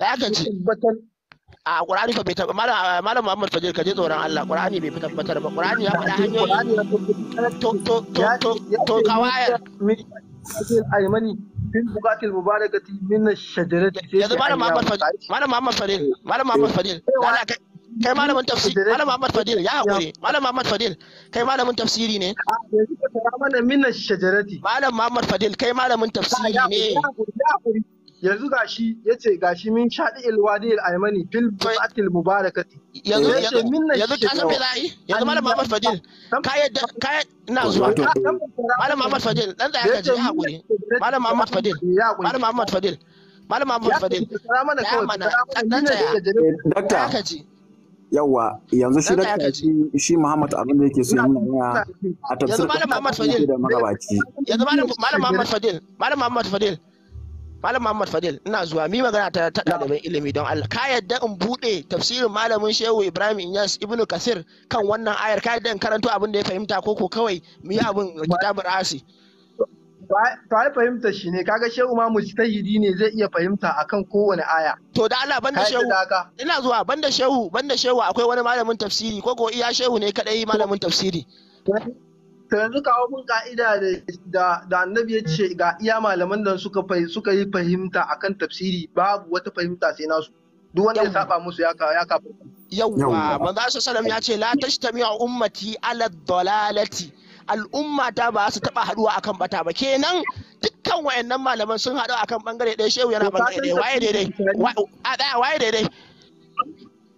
da aka ce a qur'ani fa bai tabbata malam muhammad fajir kaje tsoron allah qur'ani bai tabbatar ba qur'ani ya faɗa hanyoyi to to to to to kawaya aymani bin bukatil mubarakati min ash-shajarati yanzu malam muhammad fajir malam muhammad fajir malam muhammad fajir kai malamin tafsiri malam muhammad fajir ya hakuri malam muhammad fajir kai malamin tafsiri ne ah, yanzu ka mana min shajarati malam muhammad fajir kai malamin tafsiri ne yanzu gashi yace gashi min shadi ilwadi al-aymani fil ba'atil mubarakati yanzu yanzu ka san me za'i yanzu malam Muhammad Fadil ka yadda ka ina zuwa malam Muhammad Fadil dan da ya ji hakuri malam Muhammad Fadil malam Muhammad Fadil malam Muhammad Fadil ya mana dan da ya ka ji yawa yanzu shi dakta shi Muhammad abin da yake so ya nuna a tafsir da magabaci yanzu malam Muhammad Fadil malam Muhammad Fadil Malam Muhammad Fadil ina zuwa mi magana ta ta mai ilimi don Allah ka yadda in buɗe tafsirin malamin Shehu Ibrahim Inyas Ibn Kasir kan wannan ayar ka yadda in karanto abin da ya fahimta ko ko kawai mu yi abin kitabul asi to ai fahimta shi ne kaga Shehu ma mujtahidi ne zai iya fahimta akan kowane aya to da Allah banda Shehu ina zuwa banda Shehu banda Shehu akwai wani malamin tafsiri ko ko iya Shehu ne kadai malamin tafsiri to yanzu kawo mun ka'ida da annabi ya ce ga iya malaman da suka yi fahimta akan tafsiri babu wata fahimta sai nasu duk wanda ya saba musu ya ya kafirta yawwa manzo sallallahu ya ce la tashtami ummati ala dalalati al'umma ta ba su taba haduwa akan bata ba kenan dukkan wayannan malaman sun haɗu akan bangare ɗaya shehu yana bangare ɗaya waye daidai a ɗaya waye daidai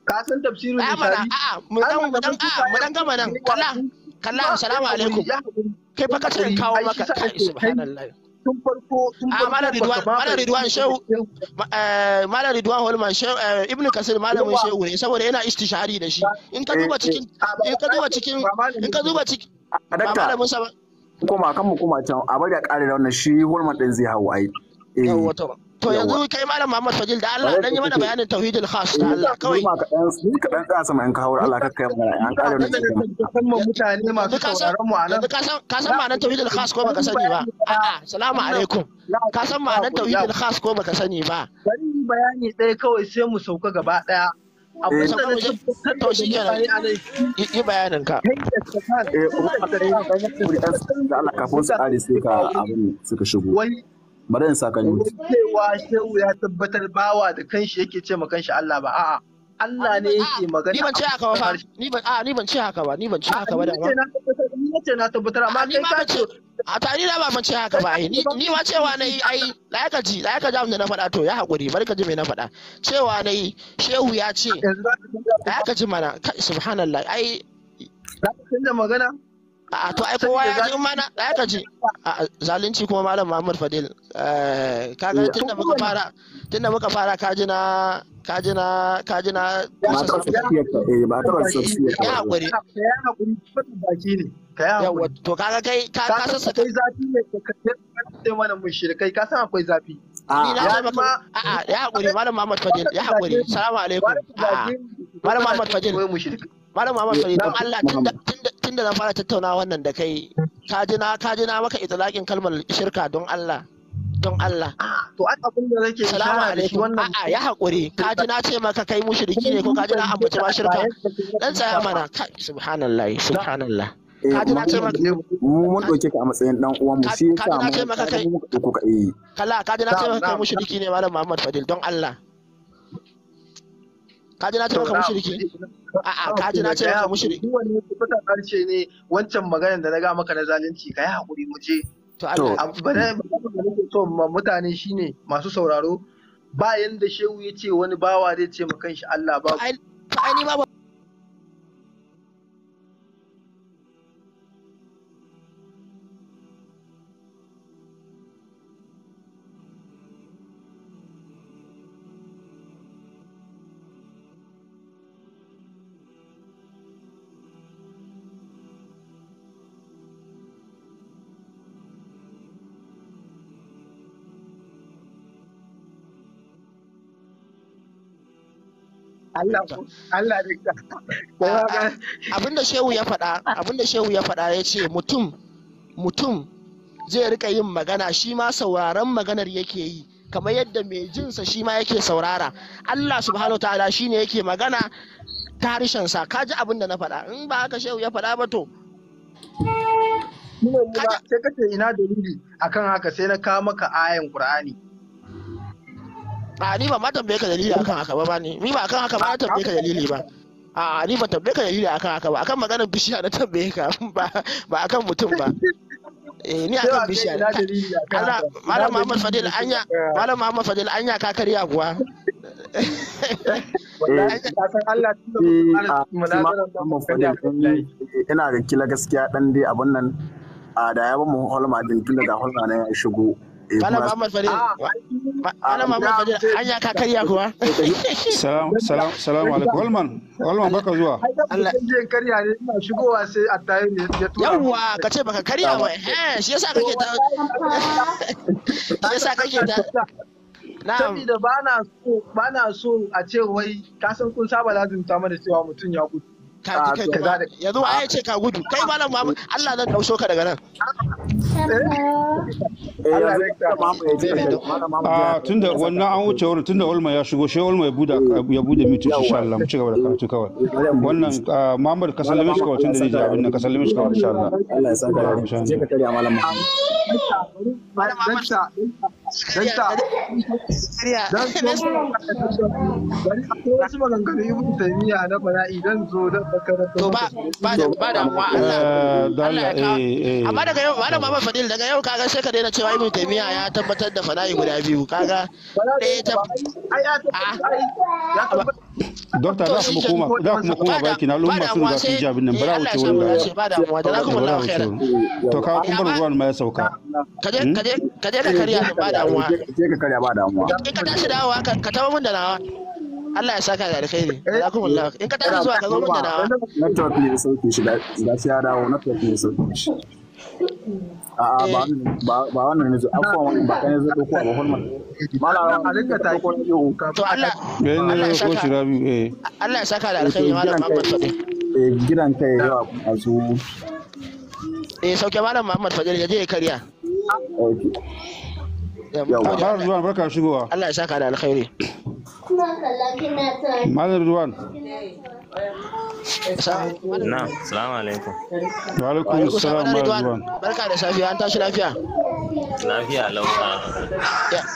ka san tafsirin a a'a mu dan mu dan gama nan kala kalla assalamu alaikum kai fa kace kawo maka kai subhanallahi tun farko tun ah, farko malam ridwan shehu eh, malam ridwan holman shehu eh, ibnu kasir malamin shehu ne saboda yana istishari da shi in ka duba eh, cikin in ka duba cikin in ka duba cikin malamin sa koma kan mu koma can a bari a kare da wannan shi holman din zai hawo ai eh to yanzu kai malam Muhammad Fadil, da Allah dan yi mana bayanin tauhidul khas da Allah kawai ni ka dan tsaya sama in ka haura Allah kakkai magana an kare ne musamman mutane masu sauraron mu anan ka san ka san ma'anar tauhidul khas ko baka sani ba a'a salamu alaikum ka san ma'anar tauhidul khas ko baka sani ba bari bayani dai kawai sai mu sauka gaba daya eh. abin da na tabbatar da shi yi bayanin ka eh kuma da Allah kafin su kare sai ka abin suka shigo bari in saka ni cewa shehu ya tabbatar bawa da kanshi yake ce ma kanshi Allah ba a'a Allah ne yake magana ni ban ce haka ba ni ban a ni ban ce haka ba ni ban ce haka ba da ba ni ce na tabbatar amma kai ka ce a ta ni ba ban ce haka ba Ni ni ma cewa na yi ai layaka ji layaka ji da na faɗa to ya hakuri bari ka ji me na faɗa cewa na yi shehu ya ce layaka ji mana subhanallah ai za ka canza magana a to ai kowa ya ji mana ya ka ji zalunci kuma malam Muhammad Fadil Ka eh, kaga eh, tunda muka fara tunda muka fara ka ji na ka ji na ka ji na ba ta ya hakuri ya hakuri baki ne yawa to kaga kai ka sassa kai zafi ne ka ce mana kai ka san akwai zafi ya haƙuri malam Muhammad Fadil ya haƙuri salamu alaikum malam Muhammad Fadil malam Muhammad Fadil don Allah tun da na fara tattauna wannan da kai ka ji na ka ji na maka itlaqin kalmar shirka don Allah don Allah to an abin da nake salamu alaikum wannan a'a ya haƙuri ka ji na ce maka kai mushriki ne ko ka ji na ambaci ma shirka dan tsaya mana subhanallahi subhanallah Eh, kaji na ce mu mun dauke ka a matsayin dan uwan mu shi yasa mu ce maka kai ku ka yi kala kaji na ce maka kai mushriki ne malam Muhammad Fadil don Allah kaji na ce maka mushriki a'a kaji na ce maka mushriki wani kuka karshe ne wancan maganar da na ga maka na zalunci kai hakuri mu je to Allah ba da so mutane shine masu sauraro ba yanda shehu yace wani bawa zai ce ma shi Allah ba ai ni ma Allah Allah abinda shehu ya faɗa abinda shehu ya faɗa ya ce mutum mutum zai rika yin magana shi ma sauraron maganar yake yi kamar yadda mai jinsa shi ma yake saurara Allah subhanahu ta'ala shi ne yake magana ta harshensa ka ji abin da na faɗa in ba haka shehu ya faɗa ba to sai ka ce ina dalili akan haka sai na kawo maka ayan qur'ani a ni ba ma tambaye ka dalili akan haka ba ni ni ba akan haka ba na tambaye ka dalili ba a ni ba tambaye ka dalili akan haka ba akan maganar bishiya na tambaye ka ba ba akan mutum ba eh ni akan bishiya ana malam Muhammad Fadil anya malam Muhammad Fadil anya ka karya kuwa eh, eh, ah, eh, ina ga kila gaskiya dan dai abun nan a ah, da ya ba mu holma din tun daga holma na ya shigo Eh, Malam Muhammad Fadil. Ah, Malam ah, ka karya kuwa. Salam salam salam baka zuwa. Allah karya ka karya ba. Eh shi yasa kake Saboda ba na so a ce wai ka san kun saba ta mana cewa mutum ya gudu. ka ji kai yanzu wa ya ce ka gudu kai malam Muhammad Allah zan dausho ka daga nan eh, eh, ah, tunda wannan an wuce wurin tunda Olma ya shigo shi Olma ya buda ya bude mitu insha Allah mu ci gaba da eh, karatu kawai wannan ah, Muhammad ka sallame shi kawai tunda ne abin nan ka sallame shi kawai insha Allah Allah ya saka da je ka tare malam Muhammad Dakta, don eh, eh, eh. daga yau, kaga sai ka daina cewa Ibn ya tabbatar da guda biyu kaga ɗaya ta. Ah. Dokta za ku koma za ku koma baki na lumma sun za ji abin nan bara wuce da. da ku To ka kun ruwan hmm? sauka. Kaje kaje kaje da kariya ba da damuwa sai eh, ka karya ba damuwa in ka tashi dawowa ka tawo mun da nawa Allah ya saka da kai ne eh, jazakumullah in ka tashi zuwa ka zo mun da nawa Na network ne sauke shi da shi ya dawo network ne sauke shi a'a ba eh. wannan ne zo, Afuwa wani ba kan yanzu ɗauko a bahulman malam halitta ta ko ne yau to Allah Allah ya saka Allah ya saka da alkhairi malam Muhammad Fadil eh gidan kai yawa a su eh sauke malam Muhammad Fadil ya je ya karya Ba Ridwan barka shigowa. Allah ya saka da alkhairi. Malam Ridwan. Na, salamu alaikum. Wa alaikum salam Malam Ridwan. Barka da safiya, an tashi lafiya. Lafiya lauka.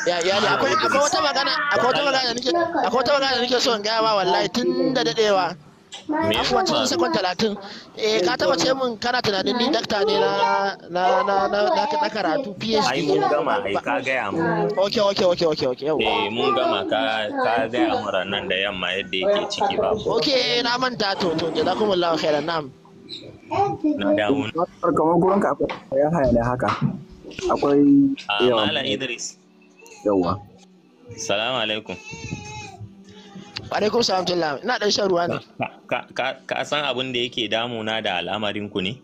Ya ya akwai akwai wata magana, akwai wata magana nake akwai wata magana nake so in gaya wa wallahi tun da dadewa. Me afuwa cikin sakon talatin eh ka taba ce min kana tunanin ni dakta ne na na na na karatu phd ai mun gama ai ka gaya mu okay okay okay okay okay eh mun gama ka ka gaya mu ranan da yamma yadda yake ciki ba okay na manta to to jazakumullahu khairan na'am na dawo kamar gurin ka akwai ya haya ne haka akwai ah, malam idris yawa salamu alaikum alaikum salam tullah ina ɗan shan ruwa ne ka san abin da yake damuna da al'amarin ku ne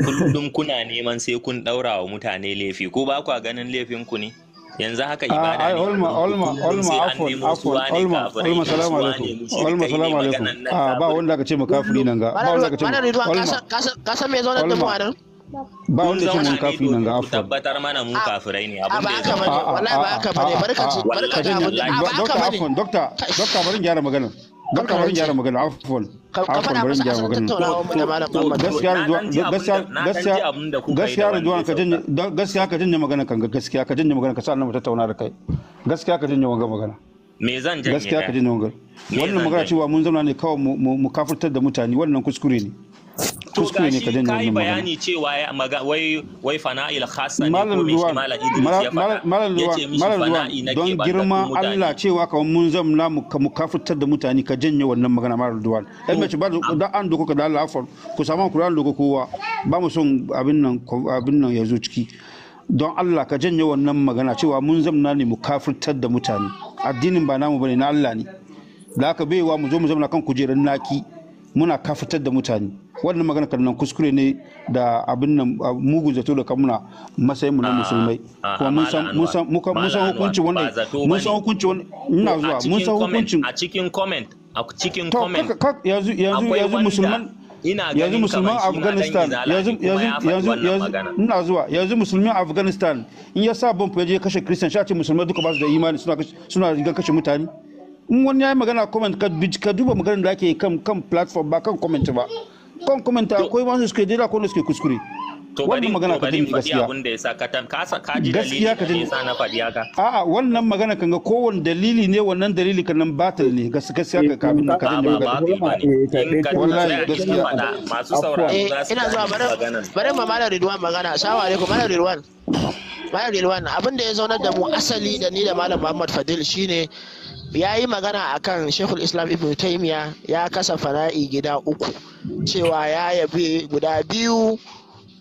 kullum kuna neman sai kun ɗaura wa mutane laifi ko ba kwa ganin laifin ku ne yanzu haka ah, ibada ne olma olma olma afwan afwan olma olma salamu alaikum olma salamu alaikum ah, ba wanda ka ce kafiri nan ga ba wanda ka ce mana ridwan ka san da mu anan ba wanda ke mun kafi nan ga afuwa tabbatar mana mu kafirai ne abun da ya zama wallahi ba haka bane barka ji barka da ba haka bane doctor doctor barin gyara magana doctor barin gyara magana afuwan afuwan barin gyara magana gaskiya gaskiya gaskiya gaskiya rujuwan ka janye gaskiya ka janye magana kan gaskiya ka janye magana ka sa mu tattauna da kai gaskiya ka janye wanga magana me zan janye gaskiya ka janye wanga wannan magana cewa mun zauna ne kawai mu kafirtar da mutane wannan kuskure ne to ga shi ka yi bayani cewa ya maga wai wai fana'il khassa ne ko me shi malam Idris ya faɗa yace mishi fana'i na don girma Allah cewa kawai mun zamna mu kafirtar da mutane ka janye wannan magana malam Duwan dan mace ba da an doko ka da Allah afar ku samu Qur'an doko kowa ba mu son abin nan abin nan yazo ciki don Allah ka janye wannan magana cewa mun zamna ne mu kafirtar da mutane addinin ba namu bane na Allah ne da aka baiwa mu zo mu zamna kan kujerar naki muna kafitar da mutane wannan magana nan kuskure ne da abin nan mugun zato da kamuna matsayin mu na ah, musulmai ah, kuma mun san mun san mun san hukunci wannan mun san hukunci wannan ina zuwa mun san hukunci. a cikin comment a cikin comment yanzu yanzu yanzu musulman yanzu musulman afghanistan yanzu yanzu ina zuwa yanzu musulman afghanistan in ya sa bomb ya je kashe christian a ce musulmai duka ba su da imani suna suna rigar kashe mutane in wani ya yi magana comment ka duba maganar da ake kan kan platform ba kan comment ba kan komenta akwai wanda suke dira ko suke kuskure to bari magana ka dinga gaskiya abin da yasa ka tam ka ka ji dalili ka yasa na faɗi haka a'a wannan magana kan ga kowanne dalili ne wannan dalili kan nan batil ne gaskiya ka kafin ka dinga ga wallahi gaskiya masu sauraro eh, za su ina zuwa bare bare ma malam Ridwan magana assalamu alaikum malam Ridwan malam Ridwan abin da ya zauna da mu asali da ni da malam Muhammad Fadil shine ya yi magana a kan shekul islam ibn taimiya ya kasa fana'i gida uku cewa ya yabe guda biyu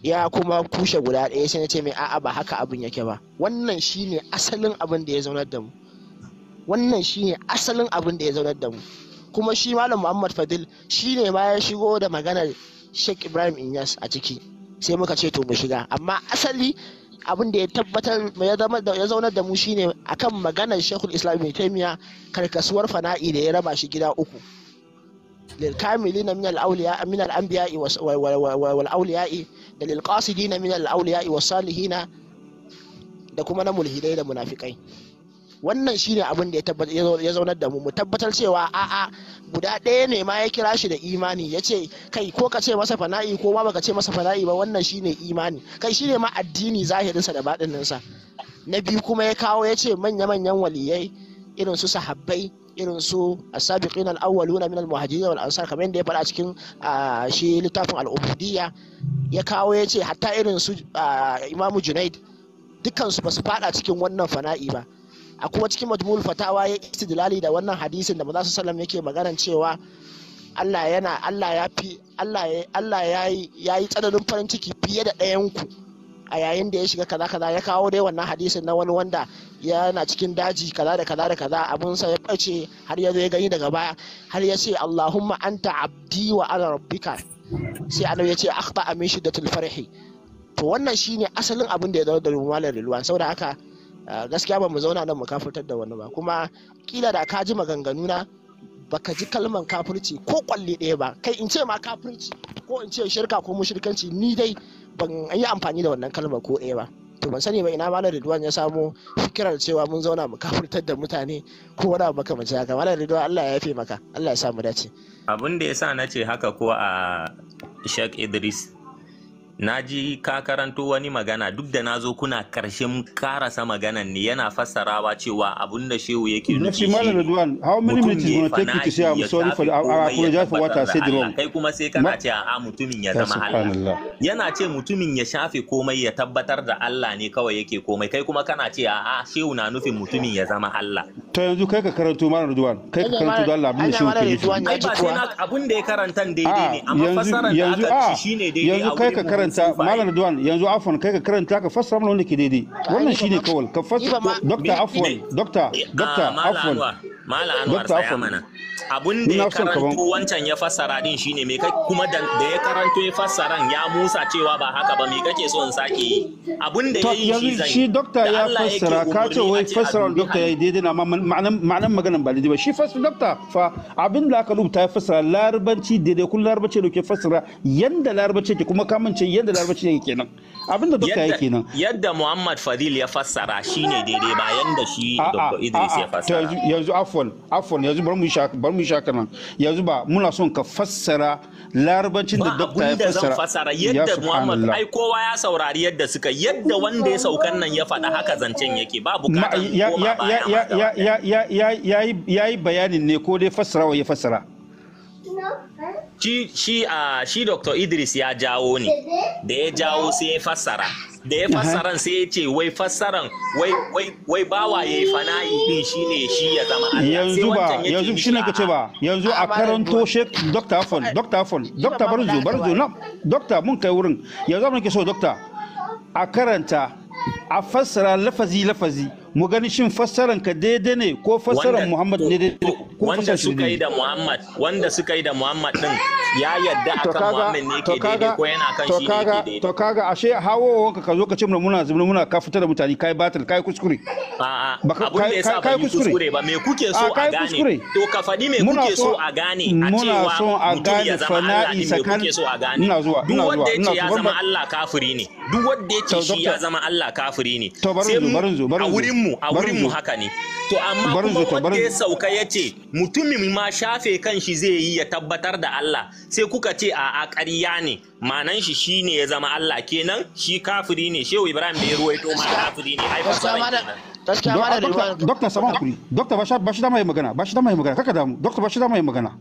ya kuma kushe guda ɗaya sai na ce mai a'a ba haka abin yake ba wannan shine asalin abin da ya zaunar da mu wannan shine asalin abin da ya zaunar da mu kuma shi malam muhammad fadil shine ma ya shigo da maganar sheikh ibrahim inyas a ciki sai muka ce to mu shiga amma asali abin da ya tabbatar ya zama ya zaunar da mu shine akan maganar Sheikhul Islam Ibn Taymiyyah karkasuwar fana'i da ya raba shi gida uku lil kamilina min al awliya min al anbiya wal awliya da lil qasidina min al awliya was salihina da kuma na mulhidai da munafikai wannan shine abin da ya tabbatar ya zaunar da mu mu tabbatar cewa a'a guda ɗaya ne ma ya kira shi da imani ya ce kai ko ka ce masa fana'i ko ma baka ce masa fana'i ba wannan shine imani kai shine ma addini zahirinsa da baɗininsa na biyu kuma ya kawo ya ce manya-manyan waliyai irin su sahabbai irin su asabiqin al-awwaluna min al-muhajirin wal ansar kamar yadda ya faɗa cikin shi littafin al ya kawo ya ce hatta irin su imamu junaid dukkan ba su faɗa cikin wannan fana'i ba a kuma cikin majmul fatawa ya istidlali da wannan hadisin da maza sallam yake maganan cewa Allah yana Allah ya fi Allah ya yi tsananin farin ciki fiye da ɗayan ku a yayin da ya shiga kaza kaza ya kawo dai wannan hadisin na wani wanda yana cikin daji kaza da kaza da kaza abun sa ya bace har ya ya gani daga baya har ya ce Allahumma anta abdi wa ana rabbika sai annabi ya ce akhta amin shiddatul farhi to wannan shine asalin abin da ya zama da malam rilwan saboda haka Ah, gaskiya ba mu zauna nan mu kafirtar da wani ba kuma kila da ka ji maganganu na baka ji kalman kafirci ko kwalle ɗaya ba kai in ce ma kafirci ko in ce shirka ko mushrikanci ni dai ban yi amfani da wannan kalma ko ɗaya ba to ban sani ba ina malam Ridwan ya samu fikirar cewa mun zauna mu kafirtar da mutane ko wani abu mace haka malam Ridwan Allah ya yafe maka Allah ya samu dace abin da yasa na ce haka ko a Sheikh Idris na ji ka karanto wani magana duk da na zo kuna karshen karasa maganan ne yana fassarawa cewa abun da shehu yake nufi shi malam Redwan how many minutes is going to take uh, to kai kuma sai kana ce a mutumin ya zama Allah yana ce mutumin ya shafe komai ya tabbatar da Allah ne kawai yake komai kai kuma kana ce a a shehu na nufin mutumin ya zama Allah to yanzu kai ka karanto mana Redwan kai ka karanto da Allah abin da shehu ke nufi ai ba abun da ya karanta daidai ah, ne amma fassarar da aka ah, ci shine daidai a wurin karanta malam Duwan yanzu afwan kai ka karanta ka fassara mana wanda ke daidai wannan shine kawal ka fassara dokta afwan dokta ah, dokta afwan Mala Anwar tsaya mana. Abun da ya karanto wancan ya fassara din shine me kai kuma da ya karanto ya fassaran ya musa cewa ba haka ba me kake so in sake yi. Abun da ya yi shi zai. Shi doctor ya fassara ka ce wai fassara doctor yayi daidai na ma'anan ma'anan maganan ba daidai ba shi fassara dokta fa abin da aka rubuta ya fassara larabanci daidai kun larabanci da ke fassara yanda larabanci ke kuma kamance yanda larabanci yake kenan. Abin da dokta yake kenan. Yadda Muhammad Fadil ya fassara shine daidai ba yanda shi doctor Idris ya fassara. Yanzu afu afon afon yanzu bar mu sha bar mu sha kana yanzu ba muna son ka fassara larabancin da dokta ya fassara fassara yadda Muhammad ai kowa ya saurari yadda suka yadda wanda ya saukan nan ya faɗa haka zancen yake ba bukatan ya ya ya ya ya ya bayanin ne ko dai fassarawa ya fassara shi shi ah, shi Dr. Idris ya jawo ne da ya jawo sai ya fassara da ya fassaran sai ya ce wai fassaran wai bawa ya yi yayi fana'i din ne shi ya zama Allah yanzu ba yanzu shi shine kace ba yanzu a karanto Sheikh Dr. Afon Dr. Afon Dr. Barzo Barzo na Dr. mun kai wurin yanzu abin ke so Dr. a karanta a fassara lafazi lafazi mu gani shin fassaran ka daidai ne ko fassaran Muhammad ne daidai ko wanda suka yi da Muhammad wanda suka yi da Muhammad din ya yadda akan Muhammad ne yake daidai ko yana kan shi ne daidai to kaga ashe hawowan ka zo ka ce muna muna zubna muna ka fitar da mutane kai battle kai kuskure a a abun da yasa ba kuskure ba me kuke so a gane to ka fadi me kuke so a gane a cewa so a gane fana'i sakan muna zuwa ina zuwa ina zuwa ya zama Allah kafiri ne duk wanda ya ce shi ya zama Allah kafiri ne to barin zo barin zo barin zo mu a wurin mu haka ne to amma kuma wanda ya sauka ya ce mutumin ma shafe kan shi zai yi ya tabbatar da Allah sai kuka ce a a ƙarya ne manan shi shine ya zama Allah kenan shi kafiri ne shehu ibrahim da ya ruwaito ma kafiri ne ai Dokta Saman Kuri, dokta Bashi shi yi magana, Bashi shi yi magana, kaka damu, dokta Bashi shi yi magana.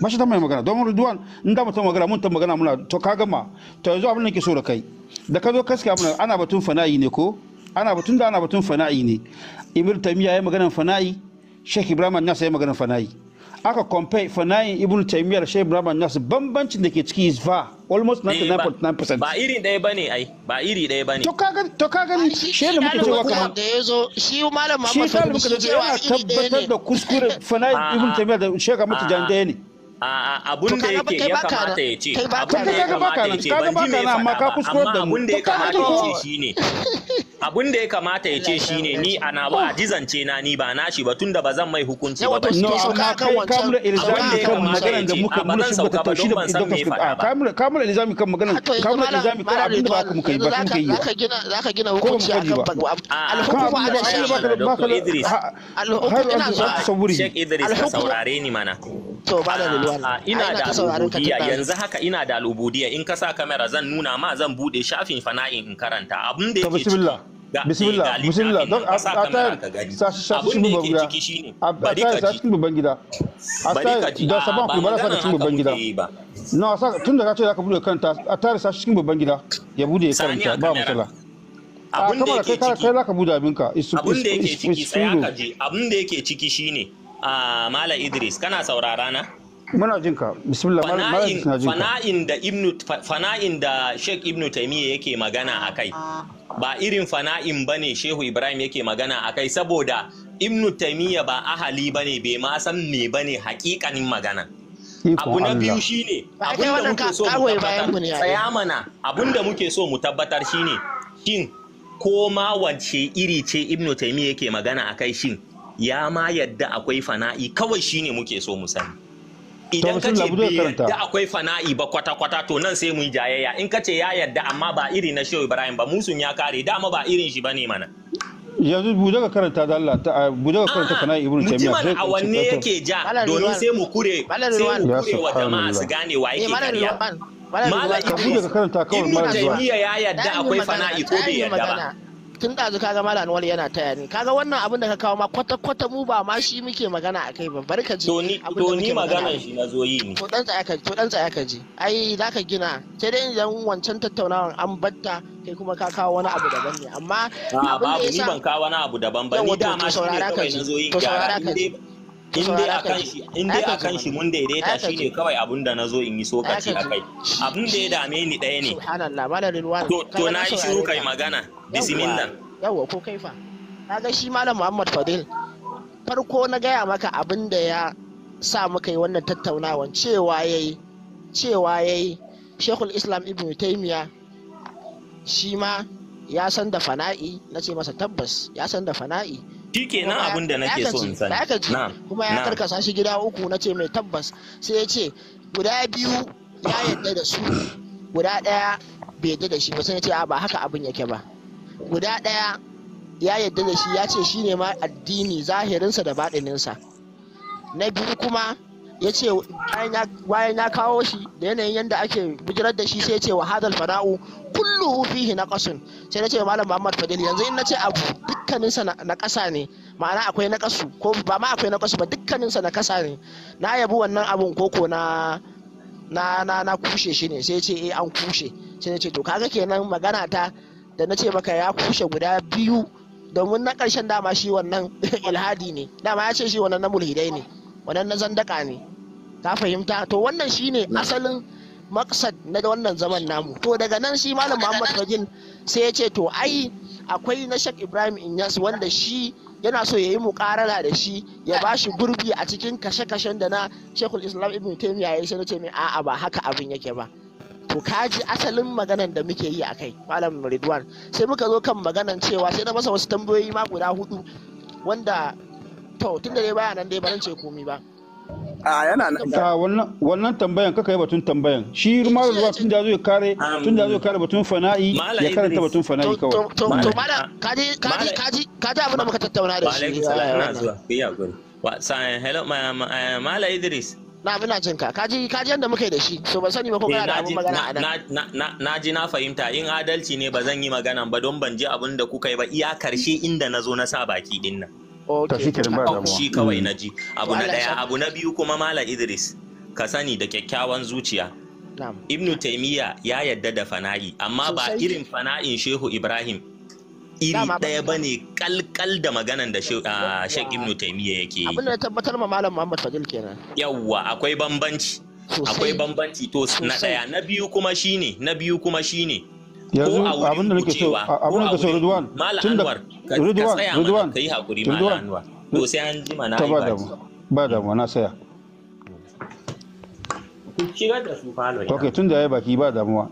Bashi shi yi magana, domin Ridwan in da mutum magana mun ta magana muna to ka gama, to yanzu abin da ke so da kai. Da ka zo kaske abin ana batun fana'i ne ko? ana batun da ana batun fana'i ne ibn taymiya ya maganar fana'i sheikh ibrahim an nas ya maganar fana'i aka compare fana'in ibn taymiya da sheikh ibrahim an nas bambancin da ke ciki is va almost 99.9% eh, ba iri ɗaya bane ai ba iri ɗaya bane to kaga to kaga shi ne muke cewa kaman da yazo shi malam Muhammad shi ne muka cewa yana tabbatar da kuskure fana'in ibn taymiya da sheikh Ahmad Tijani ne abun da yake ya kamata ya ce abun da ya kamata ya ce ban ji mai faɗa ba amma abun da ya kamata ya ce shi ne abin da ya kamata ya ce shi ne ni ana ba a oh. dizance na ni ba na shi ba tunda ba zan mai hukunci ba ba shi ka kan wancan kan da da muka mun shi baka to shi da ban san me faɗa ba kamula kamula ilzami kan magana kamula ilzami kan abin da baka muka yi ba kun kai zaka gina zaka gina hukunci akan ah, alhukuma ala shi baka Idris alhukuma ina zuwa Sheikh Idris ka saurare ni mana to ba da lulwa ina da alubudiya yanzu haka ina da alubudiya in ka sa kamera zan nuna ma zan bude shafin fana'in in karanta abin da yake bismillah bismillah don ah, a tayar sashi sashi cikin babban a tayar sashi cikin babban gida a tayar da saban ku ba sa cikin babban gida no a sa tun da ka ce zaka bude kanta a tayar shi cikin babban gida ya bude ya karanta ba matsala ah, abin da yake ciki kai zaka bude abinka da yake ciki sai aka je abin da yake ciki shine a ah, mala idris kana saurara na muna jin ka bismillah fana'in fana'in da ibnu fana'in da sheikh ibnu taymiya yake magana akai ah. ba irin fana'in bane shehu ibrahim yake magana akai saboda ibnu taymiya ba ahali bane bai ma san me bane hakikanin magana abu na biyu shine abinda muke so mu tabbatar tsaya mana abinda muke so mu tabbatar shine shin ko ma wace iri ce ibnu taymiya yake magana akai shin ya ma yadda akwai fana'i kawai shine muke so mu sani idan ka ce da akwai fana'i ba kwata-kwata to nan sai mu yi jayayya in ka ce ya yadda amma ba iri na shehu ibrahim ba musun ya kare dama ba irin shi ba ne mana yanzu bude ka karanta da Allah ta bude ka karanta kana ibnu taymiya mutumin a wanne yake ja domin sai mu kure sai mu kure wa jama'a su gane wa eh, yake kariya malam ibnu taymiya ya yadda akwai fana'i ko bai yadda ba tun da ka ga malam wani yana taya ni kaga wannan abin da ka kawo ma kwata kwata mu ba ma shi muke magana akai ba bari ka ji to ni to ni magana shi na zo yi ni to dan tsaya ka to dan tsaya ka ji ai zaka gina sai dai idan wancan tattaunawan an batta kai kuma ka kawo wani abu daban ne amma abin da ni ban kawo wani abu daban ba ni ma shi ne kawai na zo yi gyara in dai kan shi in dai kan shi mun daidaita shine kawai abun da nazo in yi sokaci akai abun da ya dame ni ɗaya ne subhanallah malam rilwan to to na yi shiru kai magana bismillah yawa ko kai fa ga shi malam Muhammad Fadil farko na gaya maka abun da ya sa muka yi wannan tattaunawan cewa yayi cewa yayi Sheikhul Islam Ibn Taymiyyah shi ma ya san da fana'i na ce masa tabbas ya san da fana'i shi kenan abin da nake so in sani kuma ya karkasa shi gida uku na ce mai tabbas sai ya ce guda biyu ya yadda da su guda ɗaya bai yadda da shi ba sai ya ce ba haka abin yake ba guda ɗaya ya yadda da shi ya ce shi ne ma addini zahirinsa da baɗininsa na biyu kuma ya ce bayan ya kawo shi da yanayin yadda ake bijirar da shi sai ya ce wa hadal fara'u Kullu fihi naqasun sai na ce malam Muhammad Fadil yanzu in na ce abu dukkanin sa na kasa ne ma'ana akwai naqasu ko ba ma akwai naqasu ba dukkanin sa na kasa ne na yabi wannan abun koko na na na na kushe shi ne sai ce eh an kushe sai na ce to kaga kenan magana ta da na ce maka ya kushe guda biyu domin na karshen dama shi wannan ilhadi ne dama ya ce shi wannan na mulhidai ne wannan na zandaka ne ka fahimta to wannan shine asalin maksad na wannan zaman namu to daga nan shi malam muhammad fagin sai ya ce to ai akwai na shek ibrahim inyas wanda shi yana so ya yi mukarara da shi ya ba shi gurbi a cikin kashe-kashen da na shekul islam ibn taimiyya ya sai ce mai a'a ba haka abin yake ba to kaji asalin maganan da muke yi a kai malam ridwan sai muka zo kan maganan cewa sai na masa wasu tambayoyi ma guda hudu wanda to tun da dai baya nan dai ba ce komi ba a yana ta wannan wannan tambayan kaka yi batun tambayan shi malam ruwa tun da zo ya kare tun da zo ya kare batun fana'i ya kare ta batun fana'i kawai to to malam kaji kaji kaji kaji abin da muka tattauna da shi na zuwa ku yi wa sai hello eh, malam Idris na muna jin ka kaji kaji yanda muka yi da shi so ban sani ba ko kana eh, da abin magana a nan na ji na fahimta in adalci ne ba zan yi magana ba don ban ji abin da kuka yi ba iya karshe inda na zo na sa baki din nan Ta shi ke ba damuwa shi kawai na ji abu na daya abu na biyu kuma mala idris ka sani da kyakkyawan zuciya Ibn taimiyya ya yadda da fana'i amma ba irin fana'in shehu ibrahim iri daya ba ne kalkal da maganan da shek ah, ibn taimiyya yake yi abinda ya tabbatar ma malam muhammad fadil kenan yawwa akwai bambanci akwai bambanci to na daya na biyu kuma shine na biyu kuma shine yanzu abin da nake so abin da nake so Ridwan tun da Ridwan Ridwan kai hakuri mala Anwar to sai an ji mana ai ba ba da mu na saya ku da su falo ok tun da yayi baki ba damuwa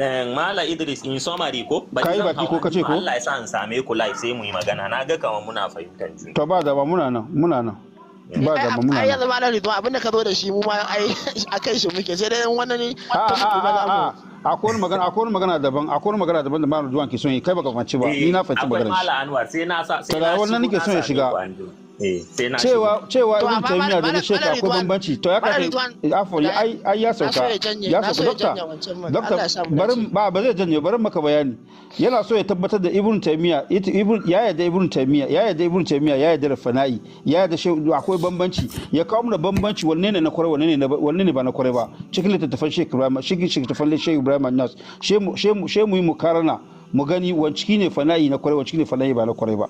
Mala Idris in summary ko ba kai baki ko kace ko Allah ya sa an same ku live sai mu yi magana na ga kamar muna fahimtar juna to ba da ba muna nan muna nan eh, ba da mu muna ai yanzu Mala Ridwan abinda ka zo da shi mu ma ai akai shi muke sai dai wannan ne a a a akwai magana akwai magana daban akwai magana daban da malam Juwan ke son yi kai baka kwanci ba eh, ni na fahimci maganar shi. Akwai malam Anwar sai na sa sai na wannan nake son ya shiga. Eh, cewa cewa ibn taymiya da shi ka akwai bambanci to ya kare afwan eh, ai ya sauka ya sauka dokta dokta barin ba ba zai janye barin maka bayani yana so ya tabbatar da ibn taymiya ibn ya yadda ibn taymiya ya yadda ibn taymiya ya yadda rafana'i ya yadda shi akwai bambanci ya kawo mana bambanci wanne ne na kwarai wanne ne wanne ne ba na kwarai ba cikin littattafan Sheikh Ibrahim shi littattafan Sheikh Ibrahim Nas shemu shemu shemu mu karana mu gani wanciki ne fana'i na kwarai wanciki ne fana'i ba na kwarai ba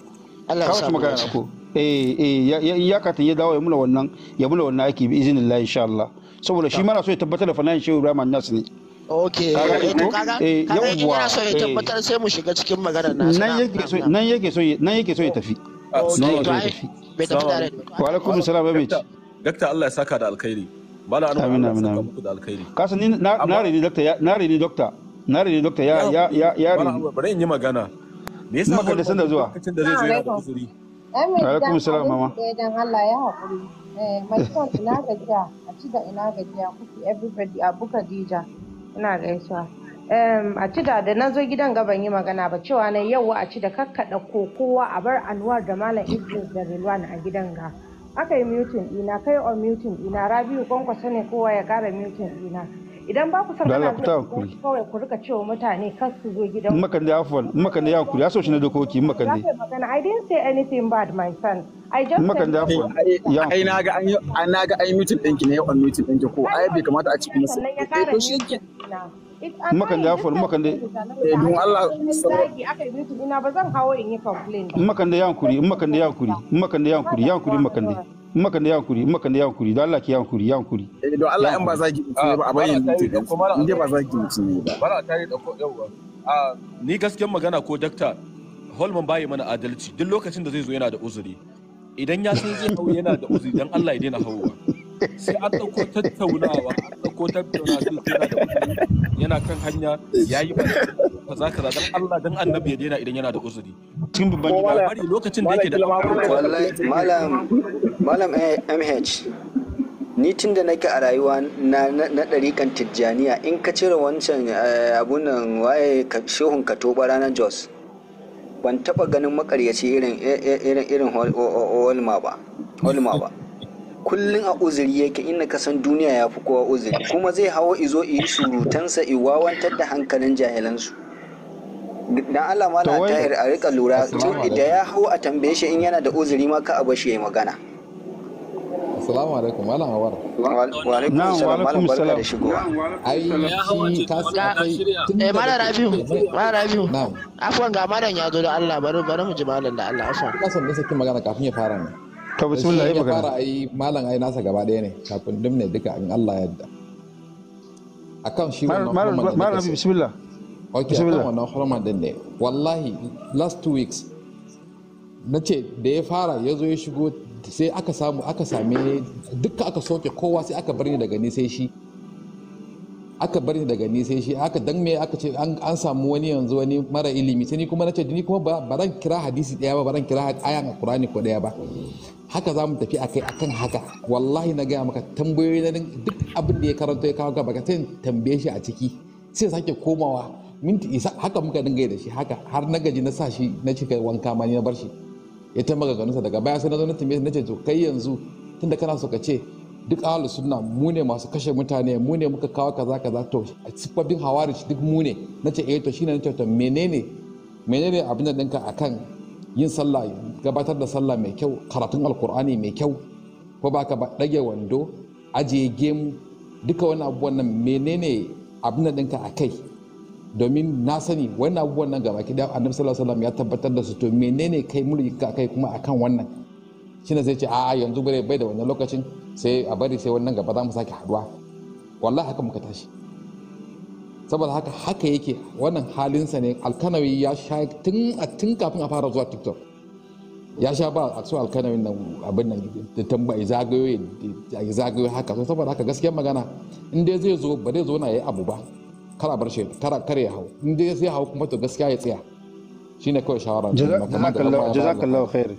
Allah ya samu magana ko eh eh ya katan ya dawo ya mula wannan ya mula wannan aiki bi izinin Allah insha Allah saboda shi mana so ya tabbatar da fanayin Shehu Ibrahim Nas ne ok eh, to kaga eh, kaga yana so ya eh. tabbatar sai mu shiga cikin maganar nasa nan yake so nan yake so nan yake so ya tafi nan yake so ya tafi wa alaikum salam wa bihi dakta Allah ya saka da alkhairi mala anu amin. ya saka muku da alkhairi kasa ni na rene dakta na rene dakta na rene dakta ya ya ya ya bari in yi magana me yasa maka sanda zuwa lokacin da zai zo yana da uzuri alaikum salam mama dan Allah ya hakuri eh mai son ina gajiya a ci da ina gajiya kuke everybody abu kadija ina gaisuwa Um, a ci da da na zo gidan gaban yi magana ba cewa na yau a ci da kakkaɗa ko kowa a bar anwar da malam idris da rilwan a gidan ga aka yi mutin ina, kai on mutin ina, rabiu kwankwasa ne kowa ya ƙara mutin ina. idan ba ku son ana zuwa kawai ku rika cewa mutane kan su zo gidan mu makan da afwan makan da yakuri aso shi na dokoki makan da magana i didn't say anything bad my son i just makan da afwan ai na ga an na ga ai meeting ɗinki ne on meeting ɗinki ko ai bai kamata a ci masa eh to shi ke makan da afwan makan da eh, don Allah sai aka yi meeting ina ba zan hawo in yi complain makan da yakuri makan da yakuri makan da yakuri yakuri makan da maka ne yankuri maka ne yankuri don Allah ki yankuri yankuri eh, don Allah in ba za ki mutu ah, ba a bayyana mutu in ba za ki mutu ne ba bara ta yi dauko yawa ah, ni gaskiyar magana ko dakta Holman bai mana adalci duk lokacin da zai zo yana da uzuri idan ya san zai hau yana da uzuri dan Allah ya daina hauwa sai an ɗauko tattaunawa an ɗauko tattaunawa sai sai da uzuri yana kan hanya ya yi ba kaza kaza dan Allah dan annabi ya daina idan yana da uzuri tun babban gida bari lokacin da yake da wallahi malam malam MH ni tun da nake a rayuwa na na ɗarikan tijjaniya in ka cire wancan eh, abun nan waye shehun ka toba ranar jos ban taɓa ganin makaryaci eh, eh, irin irin irin holma ba holma ba kullum a uzuri yake inda ka san duniya ya fi kowa uzuri kuma zai hawo izo yi surutansa iwawantar da hankalin jahilansu dan Allah mala tahir a rika lura tun da ya hawo a tambaye shi in yana da uzuri ma ka abashi yayi magana Assalamu alaikum malam Hawar. Wa alaikum salam malam barka da shigowa. Ai shi ta akai eh malam Rabiu malam Rabiu. Na'am. Afwan ga malam ya zo da Allah bari bari mu ji malam da Allah afwan. Kasan da sakin magana kafin ya fara ne. to bismillah ya magana fara ai malam ai nasa gaba ɗaya ne kafin dum ne duka in Allah ya yarda akan shi wannan malam bismillah okay akan wannan hormone din ne wallahi last two weeks na ce da ya fara ya zo ya shigo sai aka samu aka same duka aka soke kowa sai aka bar ni daga ni sai shi aka bari ni daga ni sai shi aka dan me aka ce an samu wani yanzu wani mara ilimi sai ni kuma nace ni kuma ba ran kira hadisi daya ba ba ran kira ayan alqur'ani ko daya ba haka za mu tafi a kai akan haka wallahi na gaya maka tambayoyi na duk abin da ya karanto ya kawo gaba ka sai tambaye shi a ciki sai sake komawa minti isa haka muka dinga da shi haka har na gaji na sa shi na cika wanka ma ni na bar shi ya ta maganganunsa daga baya sai na zo na tambaye na ce to kai yanzu tunda kana so ka ce duk ahlu sunna mu ne masu kashe mutane mu ne muka kawo kaza kaza to siffafin hawari duk mu ne na ce eh to shine na ce to menene menene abin da dinka akan yin sallah gabatar da sallah mai kyau karatun alkur'ani mai kyau ko ba ka ba ɗage wando ajiye gemu duka wani abubuwan nan menene abin da ɗinka a kai domin na sani wani abubuwan nan gaba ki da annabi sallallahu alaihi ya tabbatar da su to menene kai mulki ka kai kuma akan wannan shine zai ce a'a yanzu bai da wannan lokacin sai a bari sai wannan gaba za mu sake haduwa wallahi haka muka tashi saboda haka haka yake wannan halinsa ne alkanawi ya sha tun kafin a fara zuwa tiktok ya sha ba a su alkanawi nan abin nan da tambayi zagayo ya zagayo haka so saboda haka gaskiyar magana in dai zai zo ba zai zo na yayi abu ba kara bar shi kara kare hau in dai zai hau kuma to gaskiya ya tsaya shine kawai shawara jazakallahu khair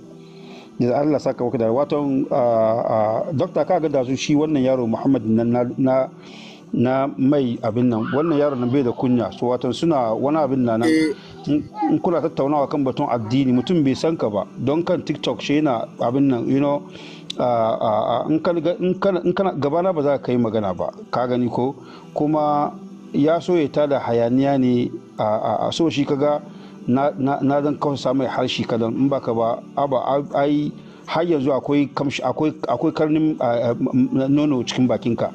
da Allah saka maka da wato ah, ah, dokta kaga da su shi wannan yaro Muhammad na na mai abin nan wannan yaron nan bai da kunya so watan suna wani abin nan eh. in kuna tattaunawa kan batun addini mutum bai san ka ba don kan tiktok shi na abin nan you know in kana gabana ba za ka yi magana ba ka gani ko kuma ya so ya tada hayaniya ne a so shi kaga na zan kawai samun harshe kadan in baka ba aba ai har yanzu akwai karnin nono cikin bakinka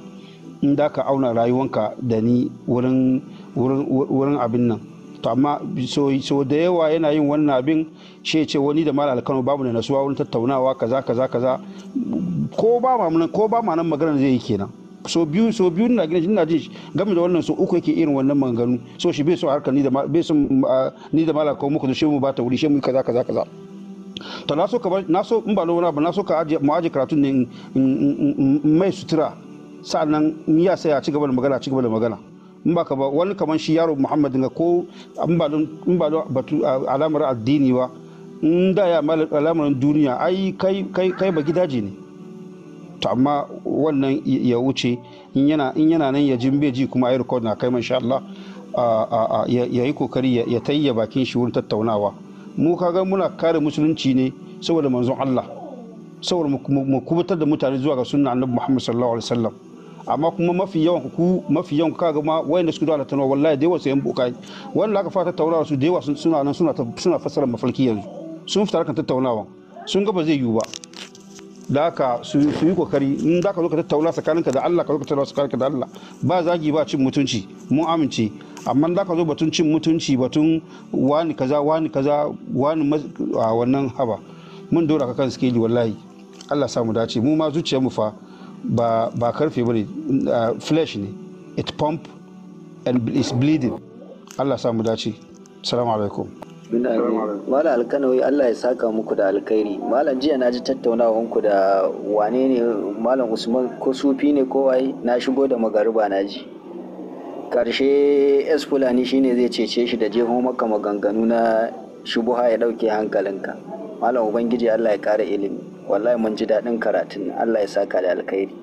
in da ka auna rayuwanka da ni wurin abin nan to amma so da yawa yana yin wannan abin shi ce wani da mara alkano babu da nasuwa wurin tattaunawa kaza kaza kaza ko ba ma nan ko ba ma nan magana zai yi kenan so biyu so biyu na gina ina jin game da wannan so uku yake irin wannan maganganu so shi bai so harkar ni da bai so ni da mala muku shi mu ba ta wuri shi mu kaza kaza kaza to na so ka na so in ba ba na so ka mu aje karatun ne mai sutura sa'annan in ya sai a ci gaba da magana ci gaba da magana in ba ka ba wani kamar shi yaro muhammad ga ko in ba don batu alamar addini ba in da ya alamar duniya ai kai kai ba gidaje ne to amma wannan ya wuce in yana nan ya jin ji kuma ayi record na kai masha Allah ya yi kokari ya tayya bakin shi wurin tattaunawa mu kaga muna kare musulunci ne saboda manzon Allah saboda mu kubutar da mutane zuwa ga sunna annabi Muhammad sallallahu alaihi wasallam amma kuma mafi yawan ku mafi yawan ku kaga ma wayanda suke da alatan wallahi da yawa sayan bokai wanda aka fata tauraro su da wasu suna nan suna suna fasara mafalki yanzu sun fitar kan tattaunawa sun ga ba zai yiwu ba da haka su yi kokari in da ka zo ka tattauna ka da Allah ka zo ka tattauna ka da Allah ba zagi ba cin mutunci mun amince amma da ka zo batun cin mutunci batun wani kaza wani kaza wani a wannan haba mun dora ka kan skeli wallahi Allah samu dace mu ma zuciyarmu fa ba ba karfe bane flesh ne it pump and is bleeding Allah samu dace Salamu alaikum Malam Alkanawi Allah ya saka muku da alkhairi. Malam jiya na ji tattaunawanku da wane ne Malam Usman ko sufi ne ko wai na shigo da magariba na ji. Karshe S Fulani shine zai cece shi da jeho maka maganganu na shubuha ya ɗauke hankalinka. Malam Ubangiji Allah ya ƙara ilimi. wallahi mun ji daɗin karatun Allah ya saka da alkhairi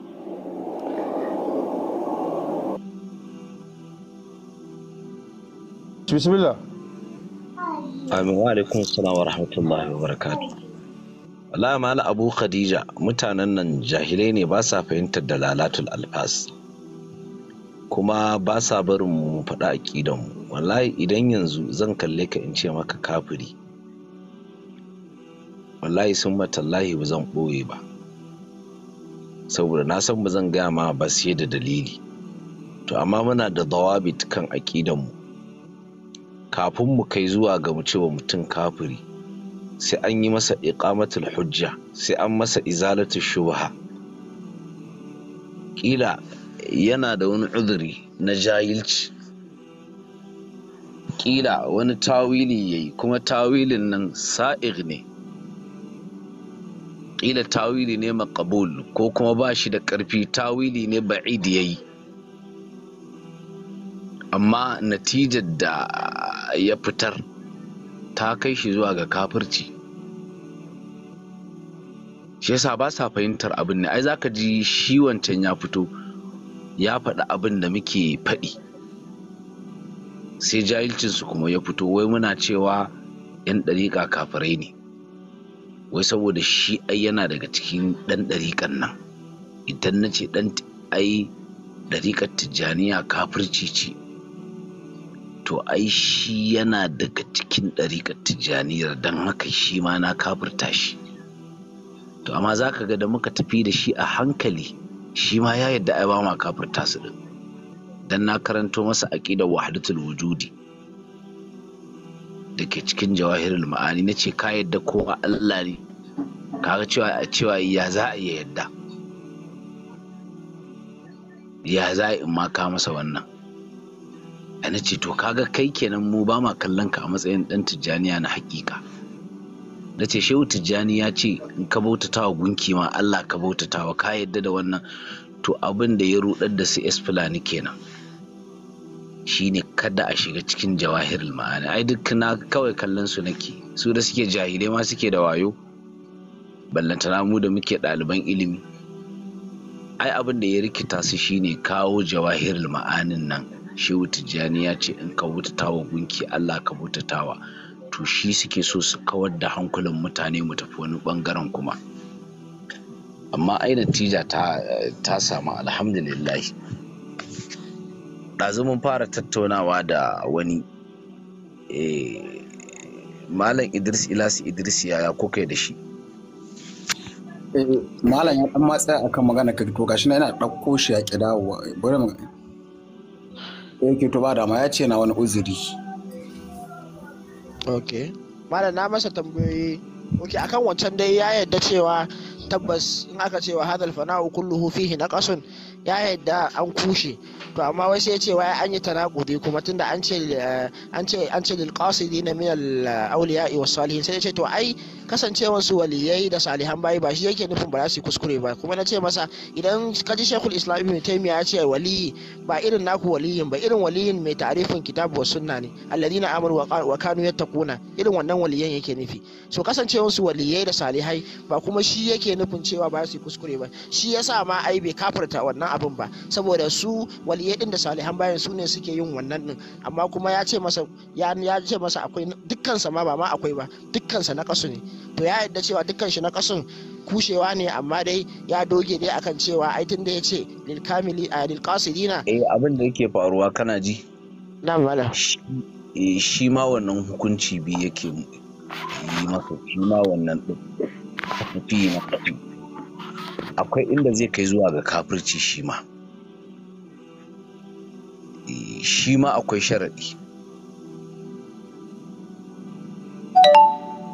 bismillah amin wa alaikum salam wa rahmatullahi wa barakatu wallahi mala abu khadija mutanen nan jahilai ne ba sa fahimtar dalalatul alfas kuma ba sa barin mu faɗa aƙidan mu wallahi idan yanzu zan kalle ka in ce maka kafiri wallahi mata lahi ba zan ɓoye ba saboda na san ba zan gaya ma ba sai da dalili to amma muna da dawabit kan aƙidanmu kafin mu kai zuwa ga mu cewa mutum kafiri sai an yi masa iqamatul hujja sai an masa izalatu shubha kila yana da wani uzuri na jahilci kila wani tawili yayi kuma tawilin nan sa'ir ne kila tawili ne makabul ko kuma ba shi da ƙarfi tawili ne ba'id ya yi amma natijar da ya fitar ta kai shi zuwa ga kafirci shi yasa ba sa fahimtar abin ne ai za ka ji shi wancan ya fito ya faɗi abin da muke faɗi sai jahilcinsu kuma ya fito wai muna cewa 'yan ɗariƙa kafirai ne wai saboda shi ai yana daga cikin ɗan ɗariƙan nan idan na ce ɗan ai ɗariƙar tijjaniya kafirci ce to ai shi yana daga cikin ɗariƙar tijjaniyar don haka shi ma na kafirta shi to amma za ka ga da muka tafi da shi a hankali shi ma ya yadda ai ba ma kafirta su ɗin don na karanto masa aƙidar wahdatul wujudi da ke cikin jawahirul ma'ani na ce ka yadda kowa Allah ne kaga cewa a cewa ya za a yadda ya za a in ma ka masa wannan a na ce to kaga kai kenan mu ba ma kallon ka a matsayin dan tijjaniya na hakika na ce shehu tijjani ya ce in ka bautata wa gunki ma Allah ka bautata wa ka yadda da wannan to abin da ya rudar da su esfilani kenan shine kada a shiga cikin jawahirul ma'ani ai duk na kawai kallon su nake su da suke jahilai ma suke da wayo ballantana mu da muke ɗaliban ilimi ai abin da ya rikita su shine kawo jawahirul ma'anin nan shehu tijjani ya ce in ka wa gunki allah ka wa, to shi suke so su kawar da hankulan mutane mu tafi wani bangaren kuma amma ai natija ta samu alhamdulillah ɗazu mun fara tattaunawa da wani eh, malam idris ilasi idris yaya kai da shi eh, malam ya ɗan matsaya kan magana ka to gashi na yana ɗauko shi ya ƙi dawowa bari mu eh, ke to ba dama ya ce na wani uzuri ok malam na masa tambayoyi ok akan wancan dai ya yadda cewa tabbas in aka cewa hadal fana'u kulluhu fihi naqasun ya yadda an kushe to amma wasu ya ce wai an yi tanakudi kuma tunda an ce eh, an ce an ce lil qasidina min al eh, awliya was salihin sai ya ce to ai kasancewar su waliyai da salihan bayi ba shi yake nufin ba za su kuskure ba kuma na ce masa idan ka ji shekul islam ibn taymiya ya ce waliyi ba irin naku waliyin ba irin waliyin mai tarifin kitabu wa sunna ne alladina amanu wa kanu yattaquna irin wannan waliyan yake nufi so kasancewar su waliyai da salihai ba kuma shi yake nufin cewa ba su kuskure ba shi yasa ma ai bai kafarta wannan abin ba saboda su waliyai din da salihan bayan su ne suke yin wannan din amma kuma ya ce masa ya ce masa dukkansa ma ba ma akwai ba dukkansa na kasu ne to ya yadda cewa dukkan shi na kasun kushewa ne amma dai ya doge dai akan cewa ai tunda ya ce lil a lil eh abin da yake faruwa kana ji na mala eh, shi ma wannan hukunci bi yake yi masa shi ma wannan din fi masa akwai inda zai kai zuwa ga kafirci shi ma eh, shi ma akwai sharaɗi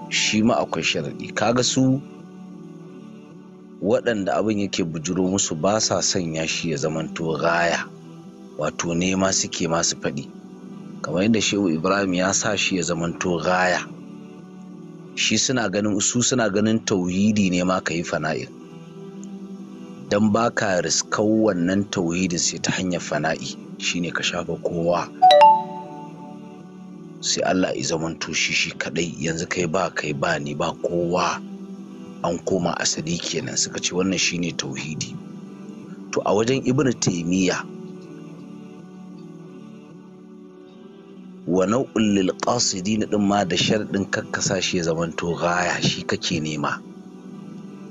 shi ma akwai sharaɗi kaga su waɗanda abin yake bujiro musu ba sa sanya shi ya zamanto gaya wato nema suke masu faɗi kamar yadda shehu ibrahim ya sa shi ya zamanto gaya shi suna ganin su suna ganin tauhidi ne ma ka yi fana'i, don ba ka riskau wannan tauhidin sai ta hanyar fana'i shine ka shafa kowa sai Allah ya zamanto shi shi kadai yanzu kai ba kai ba ni ba kowa an koma asali kenan suka ce wannan shine tauhidi to a wajen ibnu taymiya wa nau'in lil qasidin din ma da sharɗin kakkasa shi ya zamanto gaya shi kake nema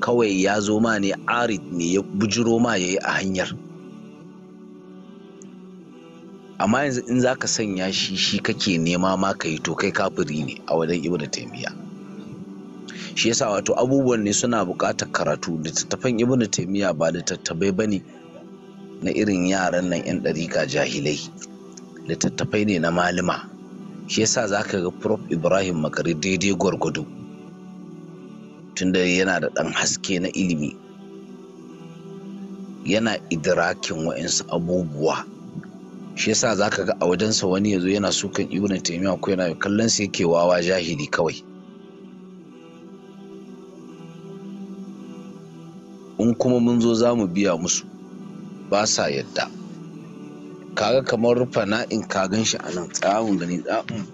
kawai ya zo ma ne arid ne ya bujiro ma yayi a hanyar amma yanzu in ka sanya shi shi kake nema ma ka yi to kai kafiri ne a wajen ibnu taymiya shi yasa wato abubuwan ne suna buƙatar karatu littattafan ibnu taymiya ba littattafai bane na irin yaran nan yan ɗarika jahilai littattafai ne na malima shi yasa zaka ga prof ibrahim makari daidai gwargwado tunda yana da ɗan haske na ilimi yana idrakin wa'insu abubuwa shi yasa ka ga a wajensa wani yazo yana sukan ibnu taimiya ko yana kallon sa yake wawa jahili kawai in kuma mun zo za mu biya musu ba sa yadda kaga kamar fana'in kagan shi a nan tsamun gani tsamun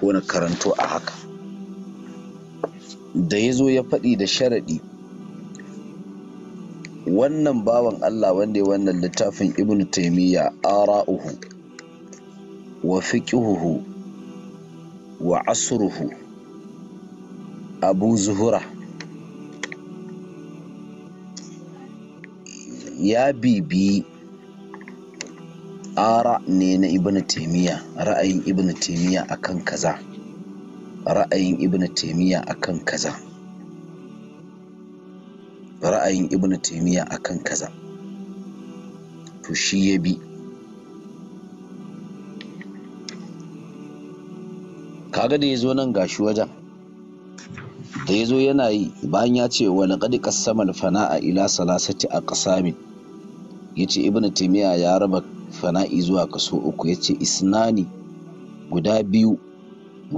ko na karanto a haka da ya zo ya faɗi da sharaɗi wannan bawan Allah wanda ya wannan littafin ibn taimiyya ara'uhu wa fiqihuhu wa asruhu abu zuhura ya bibi ara ne na ibn taimiyya ra'ayin ibn taimiyya akan kaza ra'ayin ibn taimiyya akan kaza ra'ayin ibn taimiyya akan kaza to shi ya bi kaga da ya zo nan gashi wajen da ya zo yana yi bayan ya ce wani ƙadi kasamar fana'a ila salasati a kasami ya ce ibn taimiyya ya raba fana'i zuwa kaso uku ya ce isnani guda biyu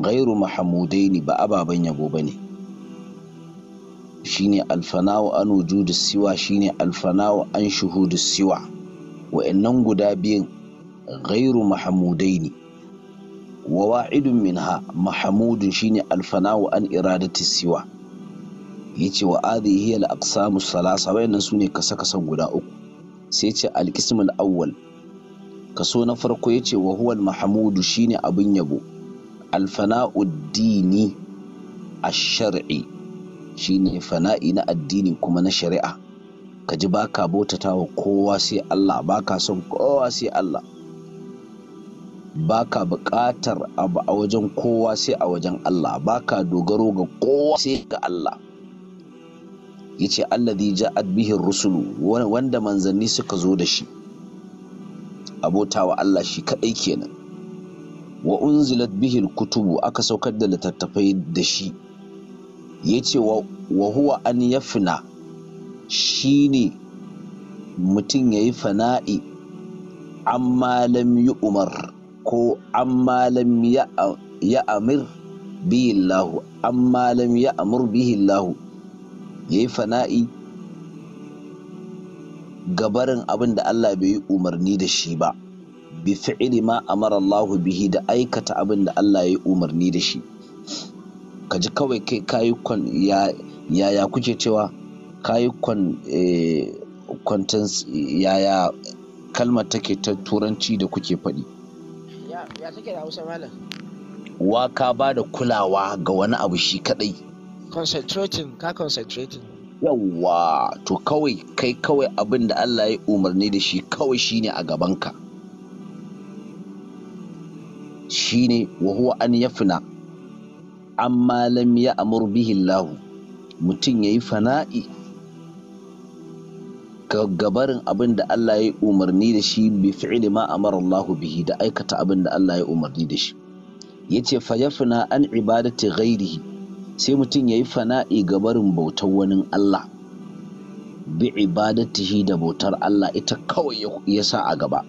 gairu mahamudai ne ba ababen yabo ba ne shine alfana'u an wujudu siwa shine alfana'u an shuhudu siwa wa'annan guda biyun ghairu mahamudaini wa wa'idun minha mahamudun shine alfana'u an iradati siwa yace wa adhihi al aqsamu salasa wayannan sune kasa kasan guda uku sai yace al qism al awwal kaso na farko yace wa huwa al mahmudu shine abun yabo alfana'uddini dini ash-shar'i shine fana'i na addini kuma na shari'a ka ji ba ka bautata wa kowa sai Allah ba ka son kowa sai Allah ba ka buƙatar abu a wajen kowa sai a wajen Allah ba ka dogaro ga kowa sai ga Allah Ya ce allazi Ja'ad bihin rusulu wanda manzanni suka zo da shi abotawa Allah shi kaɗai kenan wa unzilat bihin kutubu aka saukar da littattafai da shi Yace ce wa huwa an ya fina shi ne mutum ya yi fana'i an lam yi umar ko an lam ya amir biyillahu an lam ya amur ya yi fana'i gabarin abin da Allah bai yi umarni da shi ba bi fi'ili ma amara Allah bihi da aikata abin da Allah ya umarni da shi ka ji kawai kai kayi kwan yaya kuke cewa kayi kwan eh, yaya kalmar take ta turanci da kuke faɗi ya take da hausa malam wa ka ba da kulawa ga wani abu shi kadai concentrating ka concentrating yawwa to kawai kai kawai abin da Allah ya umarni da shi kawai shine a gabanka shine wa huwa an yafna amma lam ya amur bihillahu mutum ya yi fana'i gabarin abin da Allah ya umarni da shi bi fi'ili ma amara Allah bihi da aikata abin da Allah ya umarni da shi yace fa an ibadati ghairihi sai mutum yayi fana'i gabarin bautar wani Allah bi ibadatihi da bautar Allah ita kawai ya sa a gaba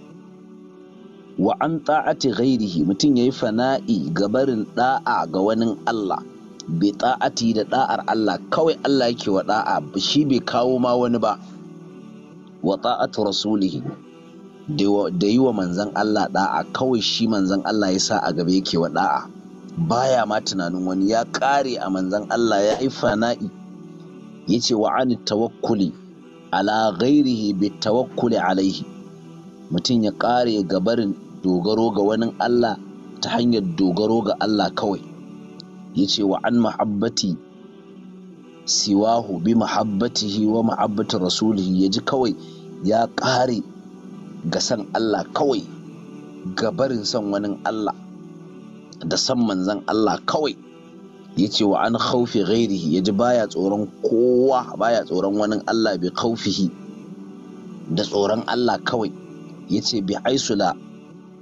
wa an ta'ati ghairihi mutum yayi fana'i ga barin da'a ga wani Allah bi ta'ati da da'ar Allah kawai Allah yake wa da'a shi bai kawo ma wani ba wa ta'atu rasulihi da yi wa manzan Allah da'a kawai shi manzan Allah ya sa a gaba yake wa da'a baya ma tunanin wani ya kare a manzan Allah ya yi fana'i ya ce wa an tawakkuli ala ghairihi bi tawakkuli alaihi mutum ya kare gabarin dogaro ga wani Allah ta hanyar dogaro ga Allah kawai ya ce wa an mahabbati siwahu bi mahabbatihi wa mahabbati rasulihi ji kawai ya ƙare ga san Allah kawai ga barin san wani Allah da san manzan Allah kawai ya ce wa an khawfi ghairihi ji baya tsoron kowa baya tsoron wani Allah bi khawfihi da tsoron Allah kawai ya ce bi aisula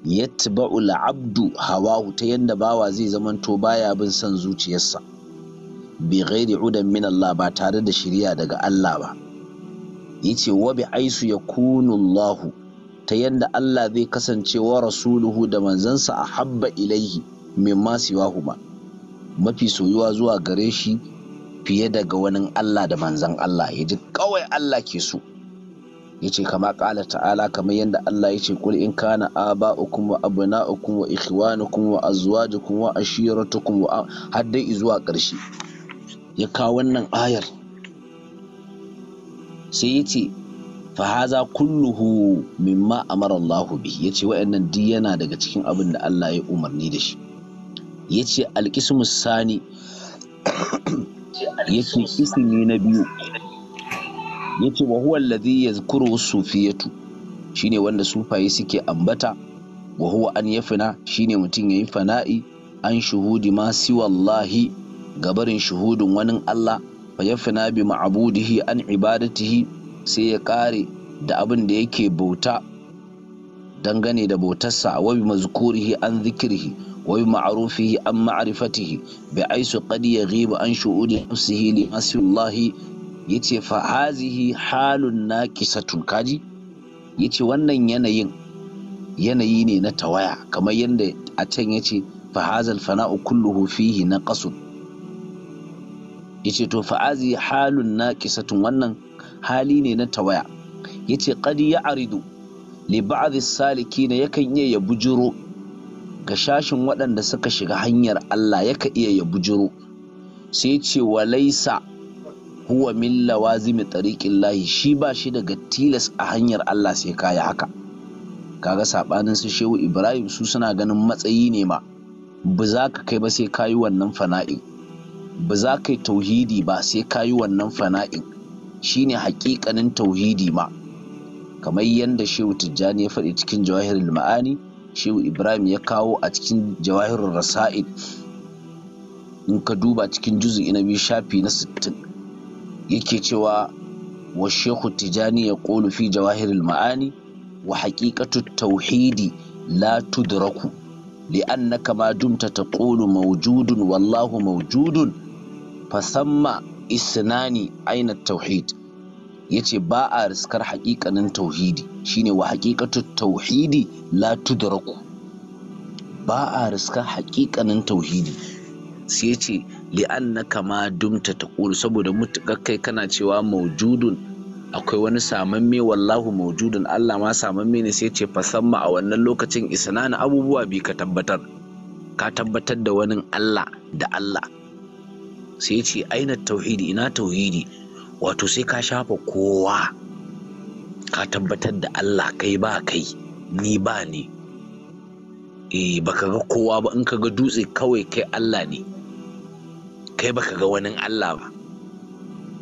yatba'u al'abdu hawahu ta yadda bawa zai zamanto baya bin son zuciyarsa bi ghairi udan min Allah ba tare da shiriya daga Allah ba yace wa bi aisu yakunu Allah ta yadda Allah zai kasance wa rasuluhu da manzansa a habba ilaihi siwa huma mafi soyuwa zuwa gare shi fiye daga wani Allah da manzan Allah yaji kawai Allah ke so yace kama kala ta'ala kamar yadda Allah yace kul in kana uku, wa abna'ukum wa ikhwanukum wa azwajukum wa ashiratukum har dai zuwa ƙarshe ya kawo wannan ayar sai yace fa haza kulluhu mimma amara Allah bi yace wayannan duk yana daga cikin abin da Allah ya umarni da shi yace alqismus sani yace ismi na biyu yace wa huwa alladhi yazkuru sufiyatu shine wanda sufaye suke ambata wa huwa an yafina shine mutum yayi fana'i an shuhudi ma siwallahi gabarin shuhudin wani Allah fa yafina bi ma'abudihi an ibadatihi sai ya kare da abin da yake bauta dangane da bautarsa wa bi mazkurihi an zikirhi wa bi ma'rufihi an ma'rifatihi bi aisu qad yaghibu an shuhudi nafsihi li masiwallahi yace fa hazihi halun naqisatun kaji yace wannan yanayin yanayi ne na tawaya kamar yadda a can yace fa hazal fana'u kulluhu fihi naqasun yace to fa hazihi halun naqisatun wannan hali ne na tawaya yace qad ya'ridu li ba'd as-salikin yakan iya ya bujuro ga shashin waɗanda suka shiga hanyar Allah yaka iya ya bujuro sai ce walaisa huwa min lawazimi tariqin lahi shi ba shi daga tilas a hanyar Allah sai kayi haka kaga sabanin su shehu Ibrahim su suna ganin matsayi ne ma ba za ka kai ba sai kayi wannan fana'in ba za ka yi tauhidi ba sai kayi wannan fana'in shine hakikanin tauhidi ma kamar yadda shehu Tijjani ya faɗi cikin jawahirul ma'ani shehu Ibrahim ya kawo a cikin jawahirul rasa'id in ka duba cikin juzu'i na biyu shafi na sittin. yake cewa wa shehu tijani ya ƙolu fi jawahiril ma'ani wa haƙiƙatu tauhidi la tudraku li'annaka ma dumta ƙolu maujudun wallahu fa fasamma isnani aina tauhid yace ba a riskar haƙiƙanin tauhidi shine wa haƙiƙatu tauhidi la tudraku ba a riskar haƙiƙanin tauhidi sai yace li'annaka kama dumta ta taqul saboda mutukar kai kana cewa maujudun akwai wani samamme wallahu maujudun Allah ma samamme ne sai ce fasamma a wannan lokacin na abubuwa bi ka tabbatar ka tabbatar da wani Allah da Allah sai ce aina tauhidi ina tauhidi wato sai ka shafa kowa ka tabbatar da Allah kai ba kai ni ba ni eh baka ga kowa ba in ka ga dutse kawai kai Allah ne kai baka ga wani Allah ba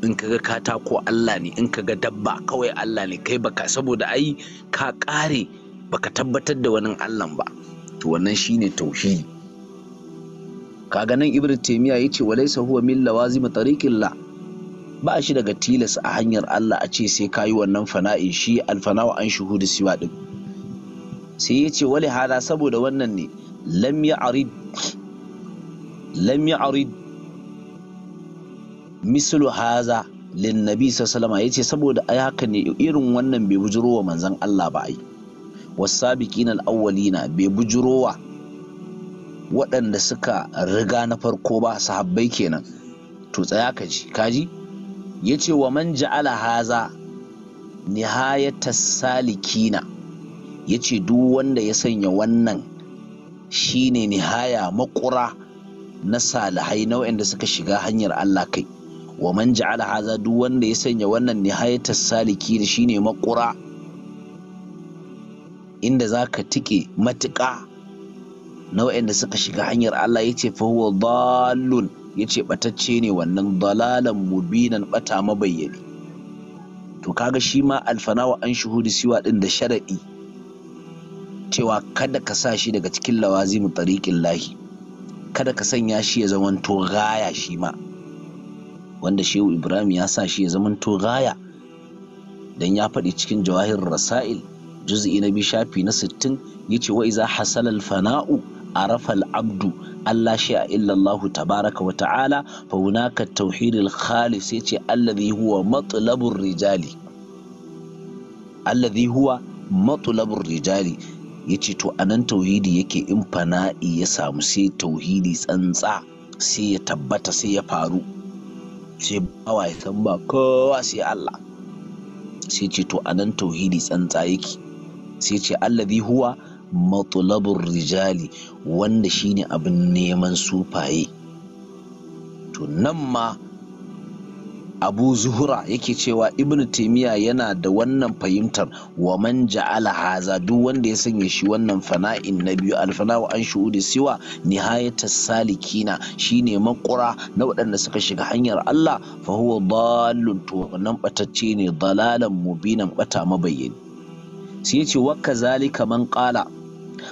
in ka ga katako Allah ne in ka ga dabba kawai Allah ne kai baka saboda ai ka ƙare baka tabbatar da wani Allah ba to wannan shine tauhidi kaga nan ibnu taymiya yace walaysa huwa min lawazim tariqillah ba shi daga tilas a hanyar Allah a ce sai kayi wannan fana'i shi alfanawa an shuhudu siwa din sai yace wali hada saboda wannan ne lam arid. lam arid mislu haza lin nabi sallallahu yace saboda ai haka ne irin wannan bai bujurowa manzon Allah ba ai wasabiqina al-awwalina bai bujurowa waɗanda suka riga na farko ba sahabbai kenan to tsaya ka ji kaji yace wa man ja'ala haza nihayatas salikina yace duk wanda ya sanya wannan shine nihaya makura na salihai na waɗanda suka shiga hanyar Allah kai wa man ja'ala haza duk wanda ya sanya wannan nihayatar saliki da shine makura inda zaka tike matuƙa na waɗanda suka shiga hanyar Allah yace fa huwa dallun yace batacce ne wannan dalalan mubinan bata mabayyane to kaga shi ma alfanawa an shuhudi siwa din da sharadi cewa kada ka sa shi daga cikin lawazimu tariqin lahi kada ka sanya shi ya zamanto gaya shi ma wanda shehu ibrahim ya sa shi ya zamanto gaya dan ya faɗi cikin jawahir rasail juz'i na biyu shafi na 60 yace wa iza hasal al fana'u arafa al abdu Allah shi a illallahu tabaraka wa ta'ala fa hunaka tauhid al khalis yace alladhi huwa matlabur rijali alladhi huwa matlabur rijali yace to anan tauhidi yake in fana'i ya samu sai tauhidi tsantsa sai ya tabbata sai ya faru sai bawa ya san ba kowa sai Allah sai ce to anan tauhidi tsantsa yake sai ce allazi huwa matulabur rijali wanda shine abin neman sufaye to nan ma abu zuhura yake cewa ibn taimiya yana da wannan fahimtar wa man ja'ala haza duk wanda ya sanya shi wannan fana'in na biyu alfana'u an shuhudi siwa nihayata salikina shine makura na waɗanda suka shiga hanyar Allah fa huwa to wannan batacce ne dalalan mubinan bata mabayyani sai yace wa kazalika man qala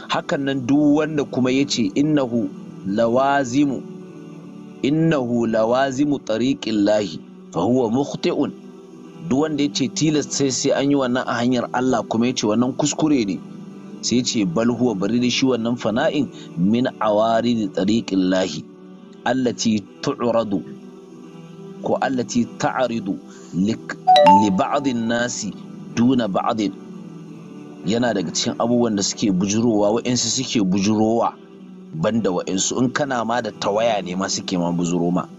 hakan nan duk wanda kuma yace innahu lawazimu innahu lawazimu tariqillahi lahi fahuwa mukhti'un duk wanda yace tilas sai sai an yi wannan a hanyar Allah kuma yace wannan kuskure ne sai yace bal huwa bari da shi wannan fana'in min awari da tariqin lahi allati tu'radu ko allati ta'ridu li ba'din nasi duna ba'din yana daga cikin abubuwan da suke bujurowa wa'insu suke bujurowa banda wa'insu in kana ma da tawaya ne ma suke ma bujuroma.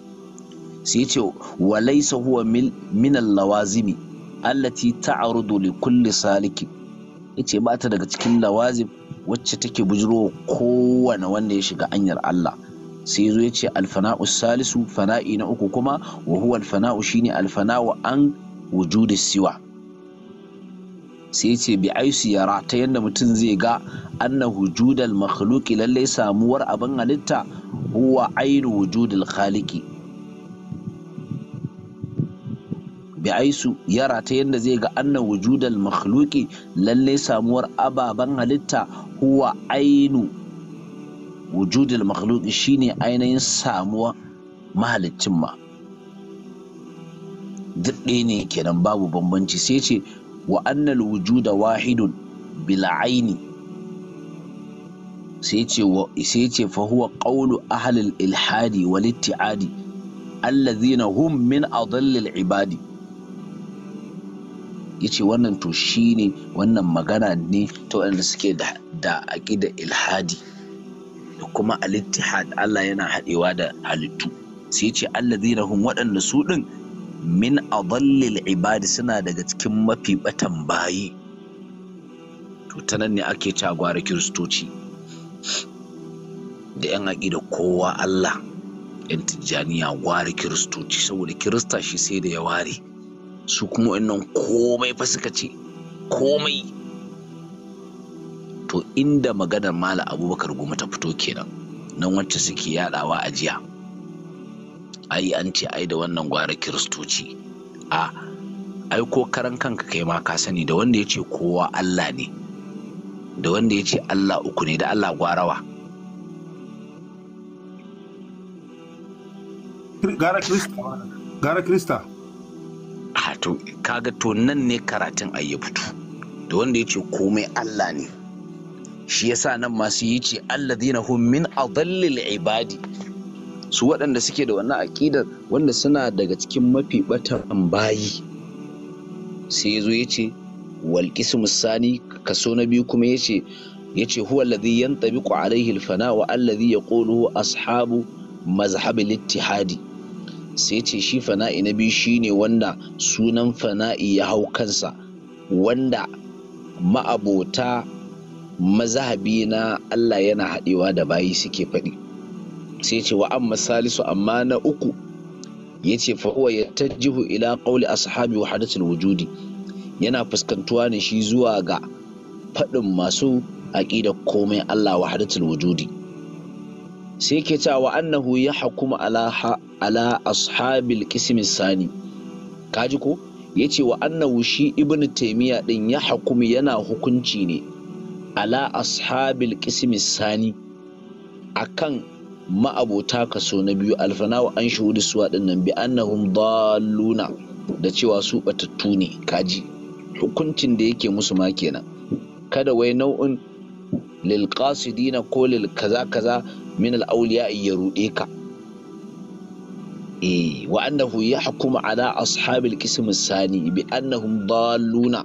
sai ce wa huwa min al-lawazimi allati ta'rudu li kulli salikin yace ba ta daga cikin lawazim wacce take bujiro kowane wanda ya shiga anyar Allah sai zo yace alfana'u salisu fana'i na uku kuma wa huwa alfana'u shine alfana'u an wujudi siwa sai yace bi aisu yara ta yanda mutum zai ga anna wujudal makhluqi lalle samuwar abin halitta huwa ainu wujudil khaliqi bi'aisu ya rata yadda zai ga anna wujudal makhluki lalle samuwar ababen halitta huwa ainu wujudal makhluki shine ainihin samuwa mahalicin ma duk ɗaya ne kenan babu bambanci sai ce wa annal wujuda wahidun bila aini sai ce fa huwa qawlu ahlil ilhadi wal ittiadi allazina hum min adallil ibadi yace wannan to shi ne wannan magana ne ta waɗanda suke da da ilhadi da kuma alittihad Allah yana haɗewa da halittu sai ce Allah zai rahun waɗanda su din min adallil ibadi suna daga cikin mafi batan bayi to ta nan ne ake gwara kiristoci da 'yan aƙida kowa Allah 'yan tijjaniya gwara kiristoci saboda kirista shi sai da ya ware su kuma wannan komai fa suka ce komai to inda maganar mala abubakar goma ta fito kenan nan wacce suke yadawa a jiya ai an ce ai da wannan gwara kiristoci a ai ko karan kanka kai ma ka sani da wanda ya ce kowa allah ne da wanda ya ce allah uku ne da allah gwarawa gara krista wato kaga to nan ne karatun ai ya fito da wanda ya ce komai Allah ne shi yasa nan masu yi ce alladhina hum min adallil ibadi su waɗanda suke da wannan aƙidar wanda suna daga cikin mafi ɓatan bayi sai ya zo ya ce walƙisu musani kaso na biyu kuma ya ce ya ce huwa alladhi yantabiqu alaihi alfana wa alladhi yaqulu ashabu mazhab ittihadi sai ce shi fana'i na biyu shine wanda sunan fana'i ya hau kansa wanda ma'abota mazahabi na Allah yana haɗewa da bayi suke faɗi sai ce wa amma salisu amma na uku ya ce fahuwa ya tajjihu ila ƙauli ashabi wa hadatul wujudi yana fuskantuwa ne shi zuwa ga faɗin masu da komai Allah wa hadatul wujudi sai ke wa annahu ya hakuma ala ashabil qismi sani kaji ko yace wa annahu shi ibnu taymiya din ya hakumi yana hukunci ne ala ashabil qismi sani akan ma'abota kaso na biyu alfana wa an shuhudu suwa din nan bi annahum dalluna da cewa su batattu ne kaji hukuncin da yake musu ma kenan kada wai nau'in lil ko lil kaza kaza min al'auliya ya ruɗe ka eh wa annahu yahkum ala ashabil qism sani bi annahum dalluna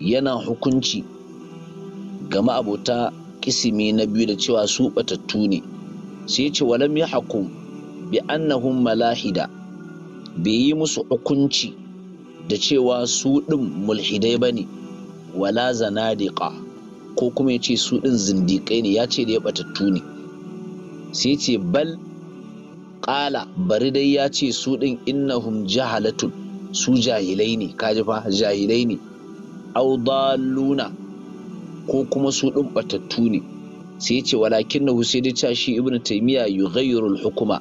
yana hukunci ga ma'abota kisimi na biyu da cewa su batattu ne sai ya ce walam yahkum bi annahum malahida bai yi musu hukunci da cewa su din mulhidai ba ne wala zanadiƙa ko kuma ya ce su din zindiƙai ne ya ce da ya ɓatattu ne sai ce bal ƙala bari dai ya ce su ɗin innahum jahalatun su jahilai ne kaji fa jahilai ne au daluna ko kuma su ɗin ɓatattu ne sai ce walakin na husaini ta shi ibn taimiyya yughayyirul hukuma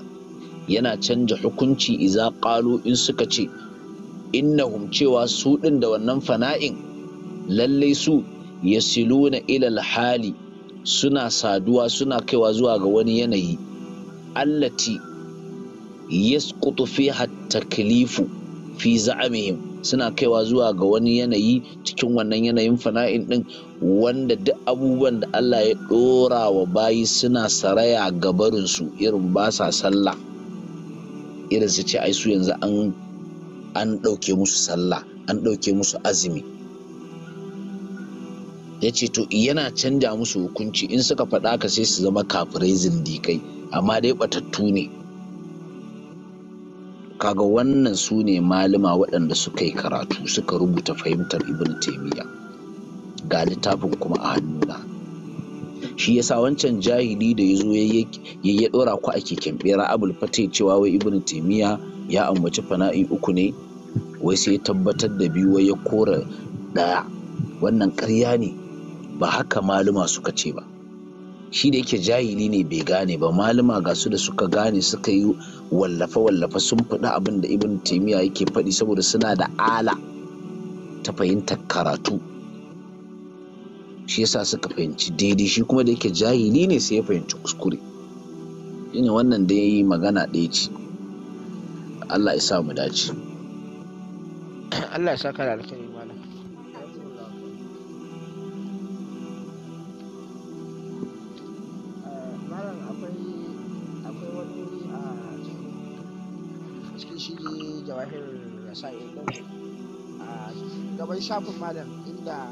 yana canja hukunci iza ƙalo in suka ce innahum cewa su ɗin da wannan fana'in lallai su na ilal hali suna saduwa suna kaiwa zuwa ga wani yanayi allati yasqutu fiha taklifu fi za'amihim suna kaiwa zuwa ga wani yanayi cikin wannan yanayin fana'in din wanda duk abubuwan da Allah ya dora wa bayi suna saraya gabarin su irin ba sa sallah irin su ce ai su yanzu an an ɗauke musu sallah an ɗauke musu azumi ya ce to yana canja musu hukunci in suka faɗa ka sai su zama kafirai zindikai amma dai batattu ne kaga wannan su ne malama waɗanda suka yi karatu suka rubuta fahimtar ibn taimiyya ga littafin kuma a hannuna shi yasa wancan jahili da ya zo ya ɗora ku a keken bera abul fate cewa wai ibn taimiyya ya ambaci fana'i uku ne wai sai ya tabbatar da biyu wai ya kora ɗaya wannan ƙarya ne ba haka maluma suka ce ba shi da yake jahili ne bai gane ba maluma ga su da suka gane suka yi wallafe-wallafe sun faɗi abin da ibn taimiyya yake faɗi saboda suna da ala ta fahimtar karatu shi yasa suka fahimci daidai shi kuma da yake jahili ne sai ya fahimci kuskure ina wannan da ya yi magana ɗaya ce Allah ya sa mu dace Allah ya saka da shafin malam inda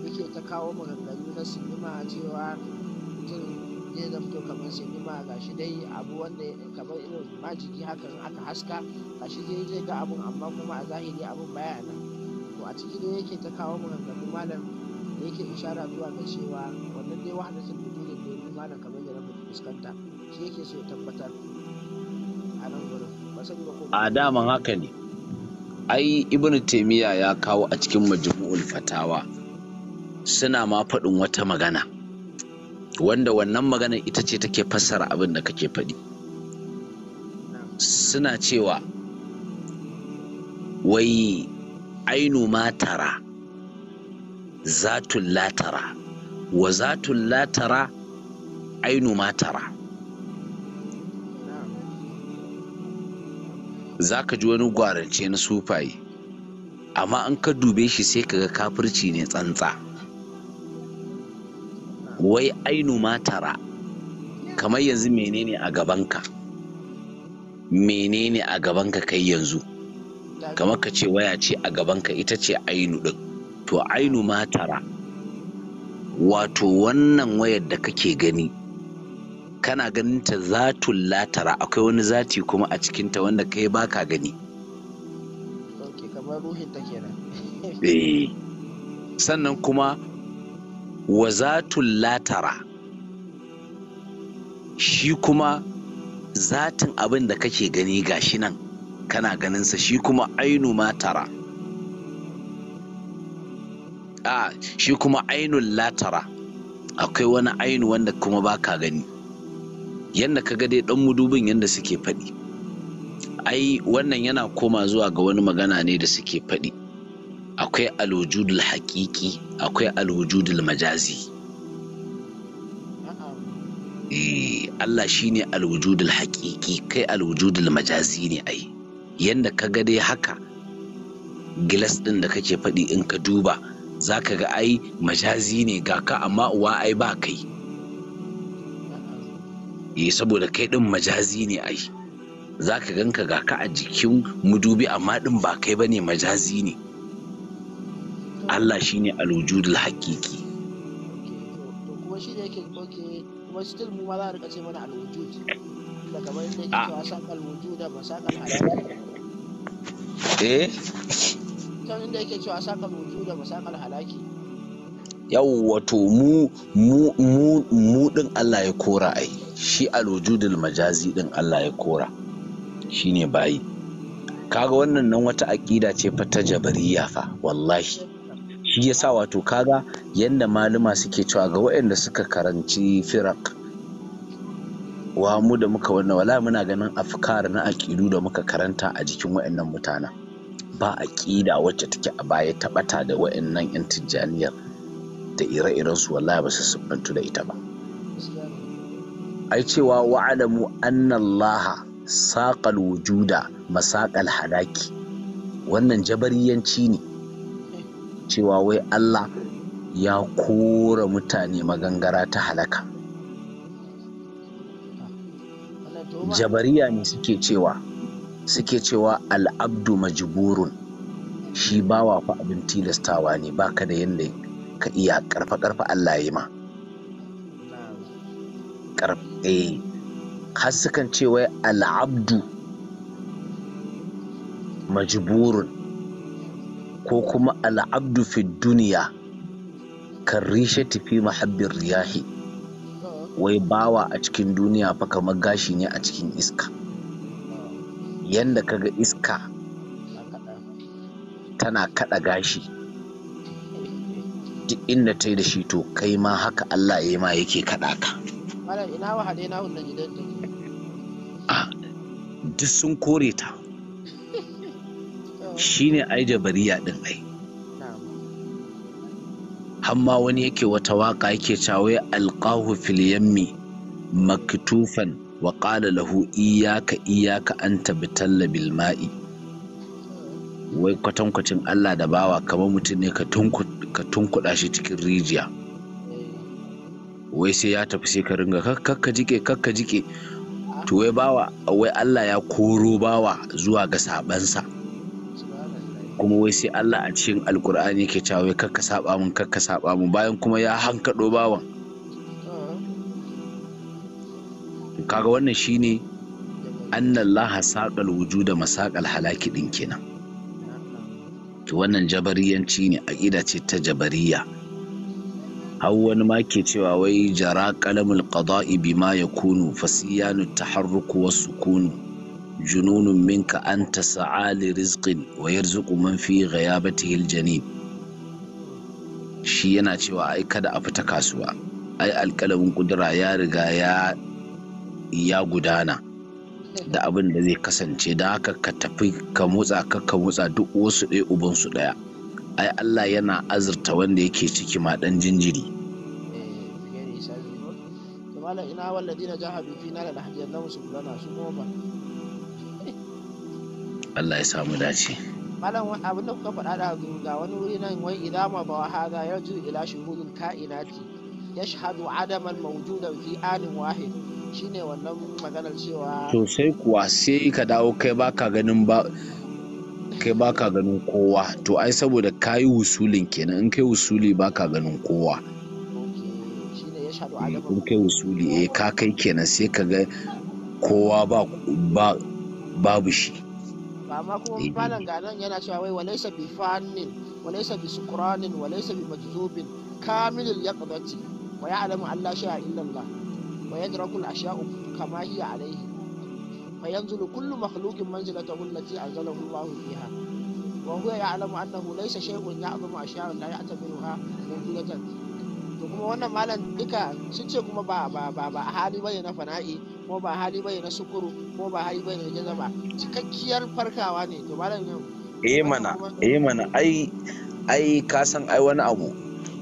yake ta kawo maganganu na sinima cewa mutum zai zamto kamar sinima ga shi dai abu wanda kamar irin majiki hakan aka haska ga shi dai zai ga abun amma kuma a zahiri abun baya nan to a ciki dai yake ta kawo maganganu malam da yake ishara zuwa ga cewa wannan dai wahala sun fito da domin malam kamar yadda muke fuskanta shi yake so ya tabbatar a nan gurin ba sani ko a daman haka ne ai Ibn taimiyya ya kawo a cikin majmu'ul fatawa suna ma faɗin wata magana wanda wannan magana ita ce take fassara abin da kake faɗi suna cewa wai ainu matara zatun latara wa zatun latara ainu matara za ka ji wani gwarance na sufaye amma an ka dube shi sai ka ga kafirci ne tsantsa wai ainu matara kamar yanzu menene a gabanka menene a gabanka kai yanzu kamar ka ce waya ce a gabanka ita ce ainu ɗin to ainu matara wato wannan wayar da kake gani kana ganin ta zatun latara akwai wani zati kuma a cikinta wanda kai baka gani eh, sannan kuma wa zatun latara shi kuma zatin abin da kake gani gashi nan kana ganinsa shi kuma ainu matara a ah, shi kuma ainun latara akwai wani ainu wanda kuma baka gani yadda ka ga dai dan mudubin yadda suke faɗi ai wannan yana koma zuwa ga wani magana ne da suke faɗi akwai alwujudul haƙiƙi akwai alwujudul majazi eh, Allah shi ne alwujudul haƙiƙi kai alwujudul majazi ne ai yadda ka ga dai haka gilas ɗin da kake faɗi in ka duba za ka ga ai majazi ne ga ka amma uwa ai ba kai eh saboda kai din majazi ne ai za ka ganka ga ka a jikin mudubi amma din ba kai bane majazi ne Allah kuma shi ne yake oke kuma a mana da kamar da eh kan inda yake ah. cewa sakal alwujud da ba san yawwa to mu mu mu mu din Allah ya kora ai shi alwujudul majazi ɗin Allah ya kora shine bayi kaga wannan nan wata aƙida ce fa ta jabariya fa wallahi shi yasa wato kaga yanda malama suke cewa ga waɗanda suka karanci firak wa mu da muka wannan wala muna ganin afkar na aƙidu da muka karanta a jikin waɗannan mutanen ba aƙida wacce take a baya ta ɓata da waɗannan 'yan tijjaniyar da ire-irensu wallahi ba su siffantu da ita ba ai cewa wa'alamu annallaha saƙal wujuda masaƙal hadaki wannan jabariyanci ne cewa wai Allah ya kora mutane magangara ta halaka jabariya ne suke cewa suke cewa al'abdu majburun shi bawa fa abin tilastawa ne baka da yadda ka iya karfa karfa Allah ya ma karfe eh, har sukan ce wai al'abdu majburun ko kuma al'abdu fi duniya kan rishe tafi mahabbin riyahi wai bawa a cikin duniya fa kamar gashi ne a cikin iska yanda kaga iska tana kada gashi duk inda ta yi da shi to kai ma haka Allah ya yi ma yake kaɗa ka. A ah, duk sun kore ta. Shi ne ai jabariya ɗin ai. Hamma wani yake wata waka yake cawe alƙahu fil yammi maktufan wa qala lahu iyaka iyaka an tabtalla bil ma'i wai kwatankwacin Allah da bawa kamar mutum ne ka tunkut ka tunkuɗa shi cikin rijiya wai sai ya tafi sai ka ringa kakka jike kakka jike to wai bawa wai Allah ya koro bawa zuwa ga sabansa kuma wai sai Allah a cikin alkur'ani yake cewa wai kakka saba mun kakka saba mun bayan kuma ya hankado bawan kaga wannan shine annallaha saqal wujuda masaqal halaki din kenan to wannan jabariyanci ne a ce ta jabariya har wani ma ke cewa wai jara qalamul qada'i ya kunu fasiyanu harruku wasu kunu jununun minka anta sa'ali rizqin wa yarzuqu man fi ghayabatihi aljanin shi yana cewa ai kada a fita kasuwa ai alkalamin kudura ya riga ya gudana da abin da zai kasance da haka ka tafi ka motsa ka ka motsa duk wasu ɗaya uban su ɗaya ai Allah yana azurta wanda yake ciki ma dan jinjiri Allah ya samu dace. Malam abin da kuka faɗa da ga wani wuri nan wai idza ma ba hada yarju ila shuhudul kainati yashhadu adaman mawjudan fi anin wahid shine wannan maganar cewa sosai kuwa sai ka dawo kai baka ganin ba kai baka ganin kowa to ai saboda ka yi wusulin kenan in kai wusuli baka ganin kowa mm, in kai wusuli eh ka kai kenan sai ka ga kowa ba babu shi amma kuma eh, malam ganan yana cewa wai walaysa bi fannin walaysa bi sukranin walaysa bi majzubin kamilul yaqdati wa ya'lamu allah shay'a illa Allah ويدرك الأشياء كما kama عليه فينزل كل مخلوق kullu التي أنزله الله فيها وهو يعلم أنه ليس شيء يعظم أشياء لا يعتبرها منزلة la kuma wannan malam duka sun ce kuma ba ba ba ba hali bane na fana'i ko ba hali bane na sukuru ko ba hali bane na jazaba cikakkiyar farkawa ne to malam yau eh mana eh mana ai ai ka san ai wani abu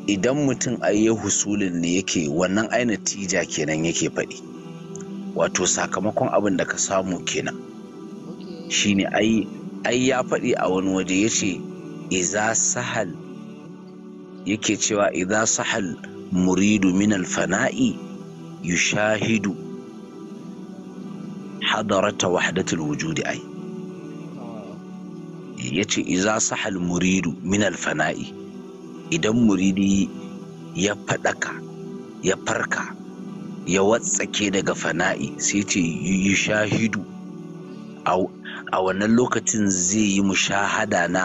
idan mutum a ya husulin ne yake wannan ai natija kenan yake faɗi wato sakamakon abin da ka samu kenan shine ai ai ya faɗi a wani waje ya ce iza sahal yake cewa iza sahal muridu min alfana'i yushahidu hadarata wahdatul wujudi ai ah. yace iza sahal muridu min alfana'i idan muridi ya faɗaka ya farka ya watsake daga fana'i sai ce yi shahidu a wannan lokacin zai yi mushahada na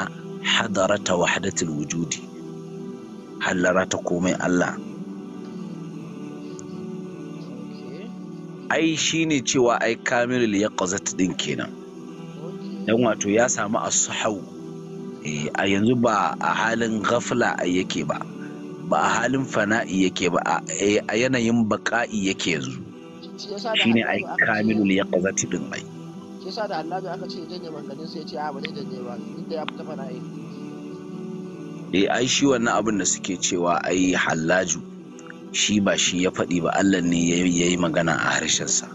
hadarata wahadatul wujudi hallarata komai Allah ai shi ne cewa ai ya yaqazat ɗin kenan Ɗan wato ya samu asuhau Eh, a yanzu ba a halin ghafla yake ba ba a halin fana'i yake ba a eh, yanayin baka'i yake yanzu ai kamilul ai shi ne da annabi aka ce janye sai ya ce a ba zai janye ba inda ya fita fana'i eh ai shi wannan abin da suke cewa ai hallaju shi ba shi ya faɗi ba Allah ne ya yi magana a harshensa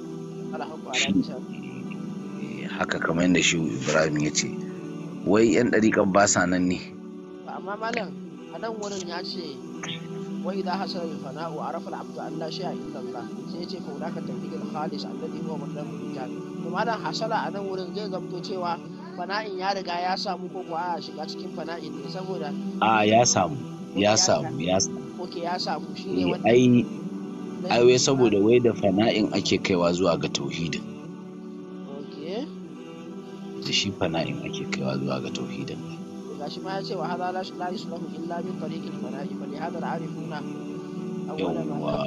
eh, haka kamar yadda shi Ibrahim ya ce wai yan ɗariƙan ba sa nan ne amma malam a nan wurin ya ce wai da hasar fana wa arafa da abu da allah shi a inda allah sai ya ce fauna ka tafi tawhidul khalis alladhi huwa maqdamul rijal kuma dan hasala a nan wurin zai zamto cewa fana'in ya riga ya samu ko kuwa a shiga cikin fana'in ne saboda a ya samu ya samu ya samu ko ya samu shi ne eh, wani ai ai wai saboda wai da fana'in ake kaiwa zuwa ga tauhidin da shi fana'in ake kaiwa zuwa ga tauhidin gashi ma ya ce wa hadha la yuslahu illa min tariqil fana'i bali hada al'arifuna awwalan ma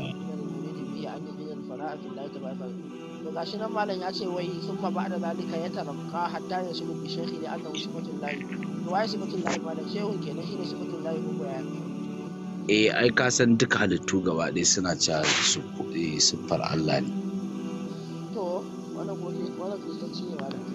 gashi nan malam ya ce wai sun fa ba'da zalika ya tarqa hatta ya shigo bi shaykhi li annahu sifatul lahi to wai sifatul lahi malam shehun kenan shine sifatul lahi ko ya eh ai ka san duka halittu gaba ɗaya suna cewa su eh, siffar Allah ne to wannan gobe wannan kristanci ne malam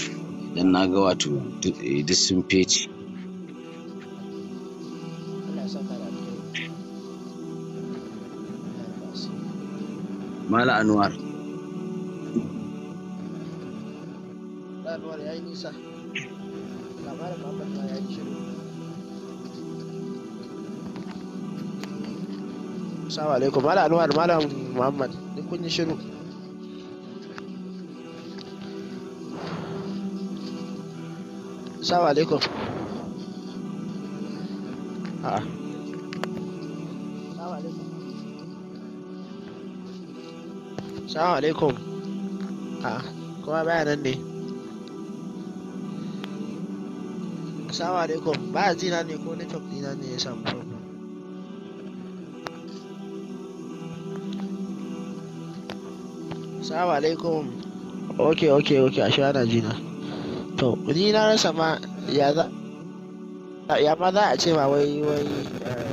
dan na ga wato duk eh, sun fece mala anwar Assalamu alaikum, Malam Anwar, Malam Muhammad, duk kun yi shiru. Assalamu alaikum. Ah. Assalamu alaikum. Ah, kowa baya nan ne. Assalamu alaikum. Ba zina ne ko network dina ne ya samu problem. Assalamu alaikum. Okay, okay, okay, ashe ana jina. to ni na rasa ma ya za a ce ba wai wai eh,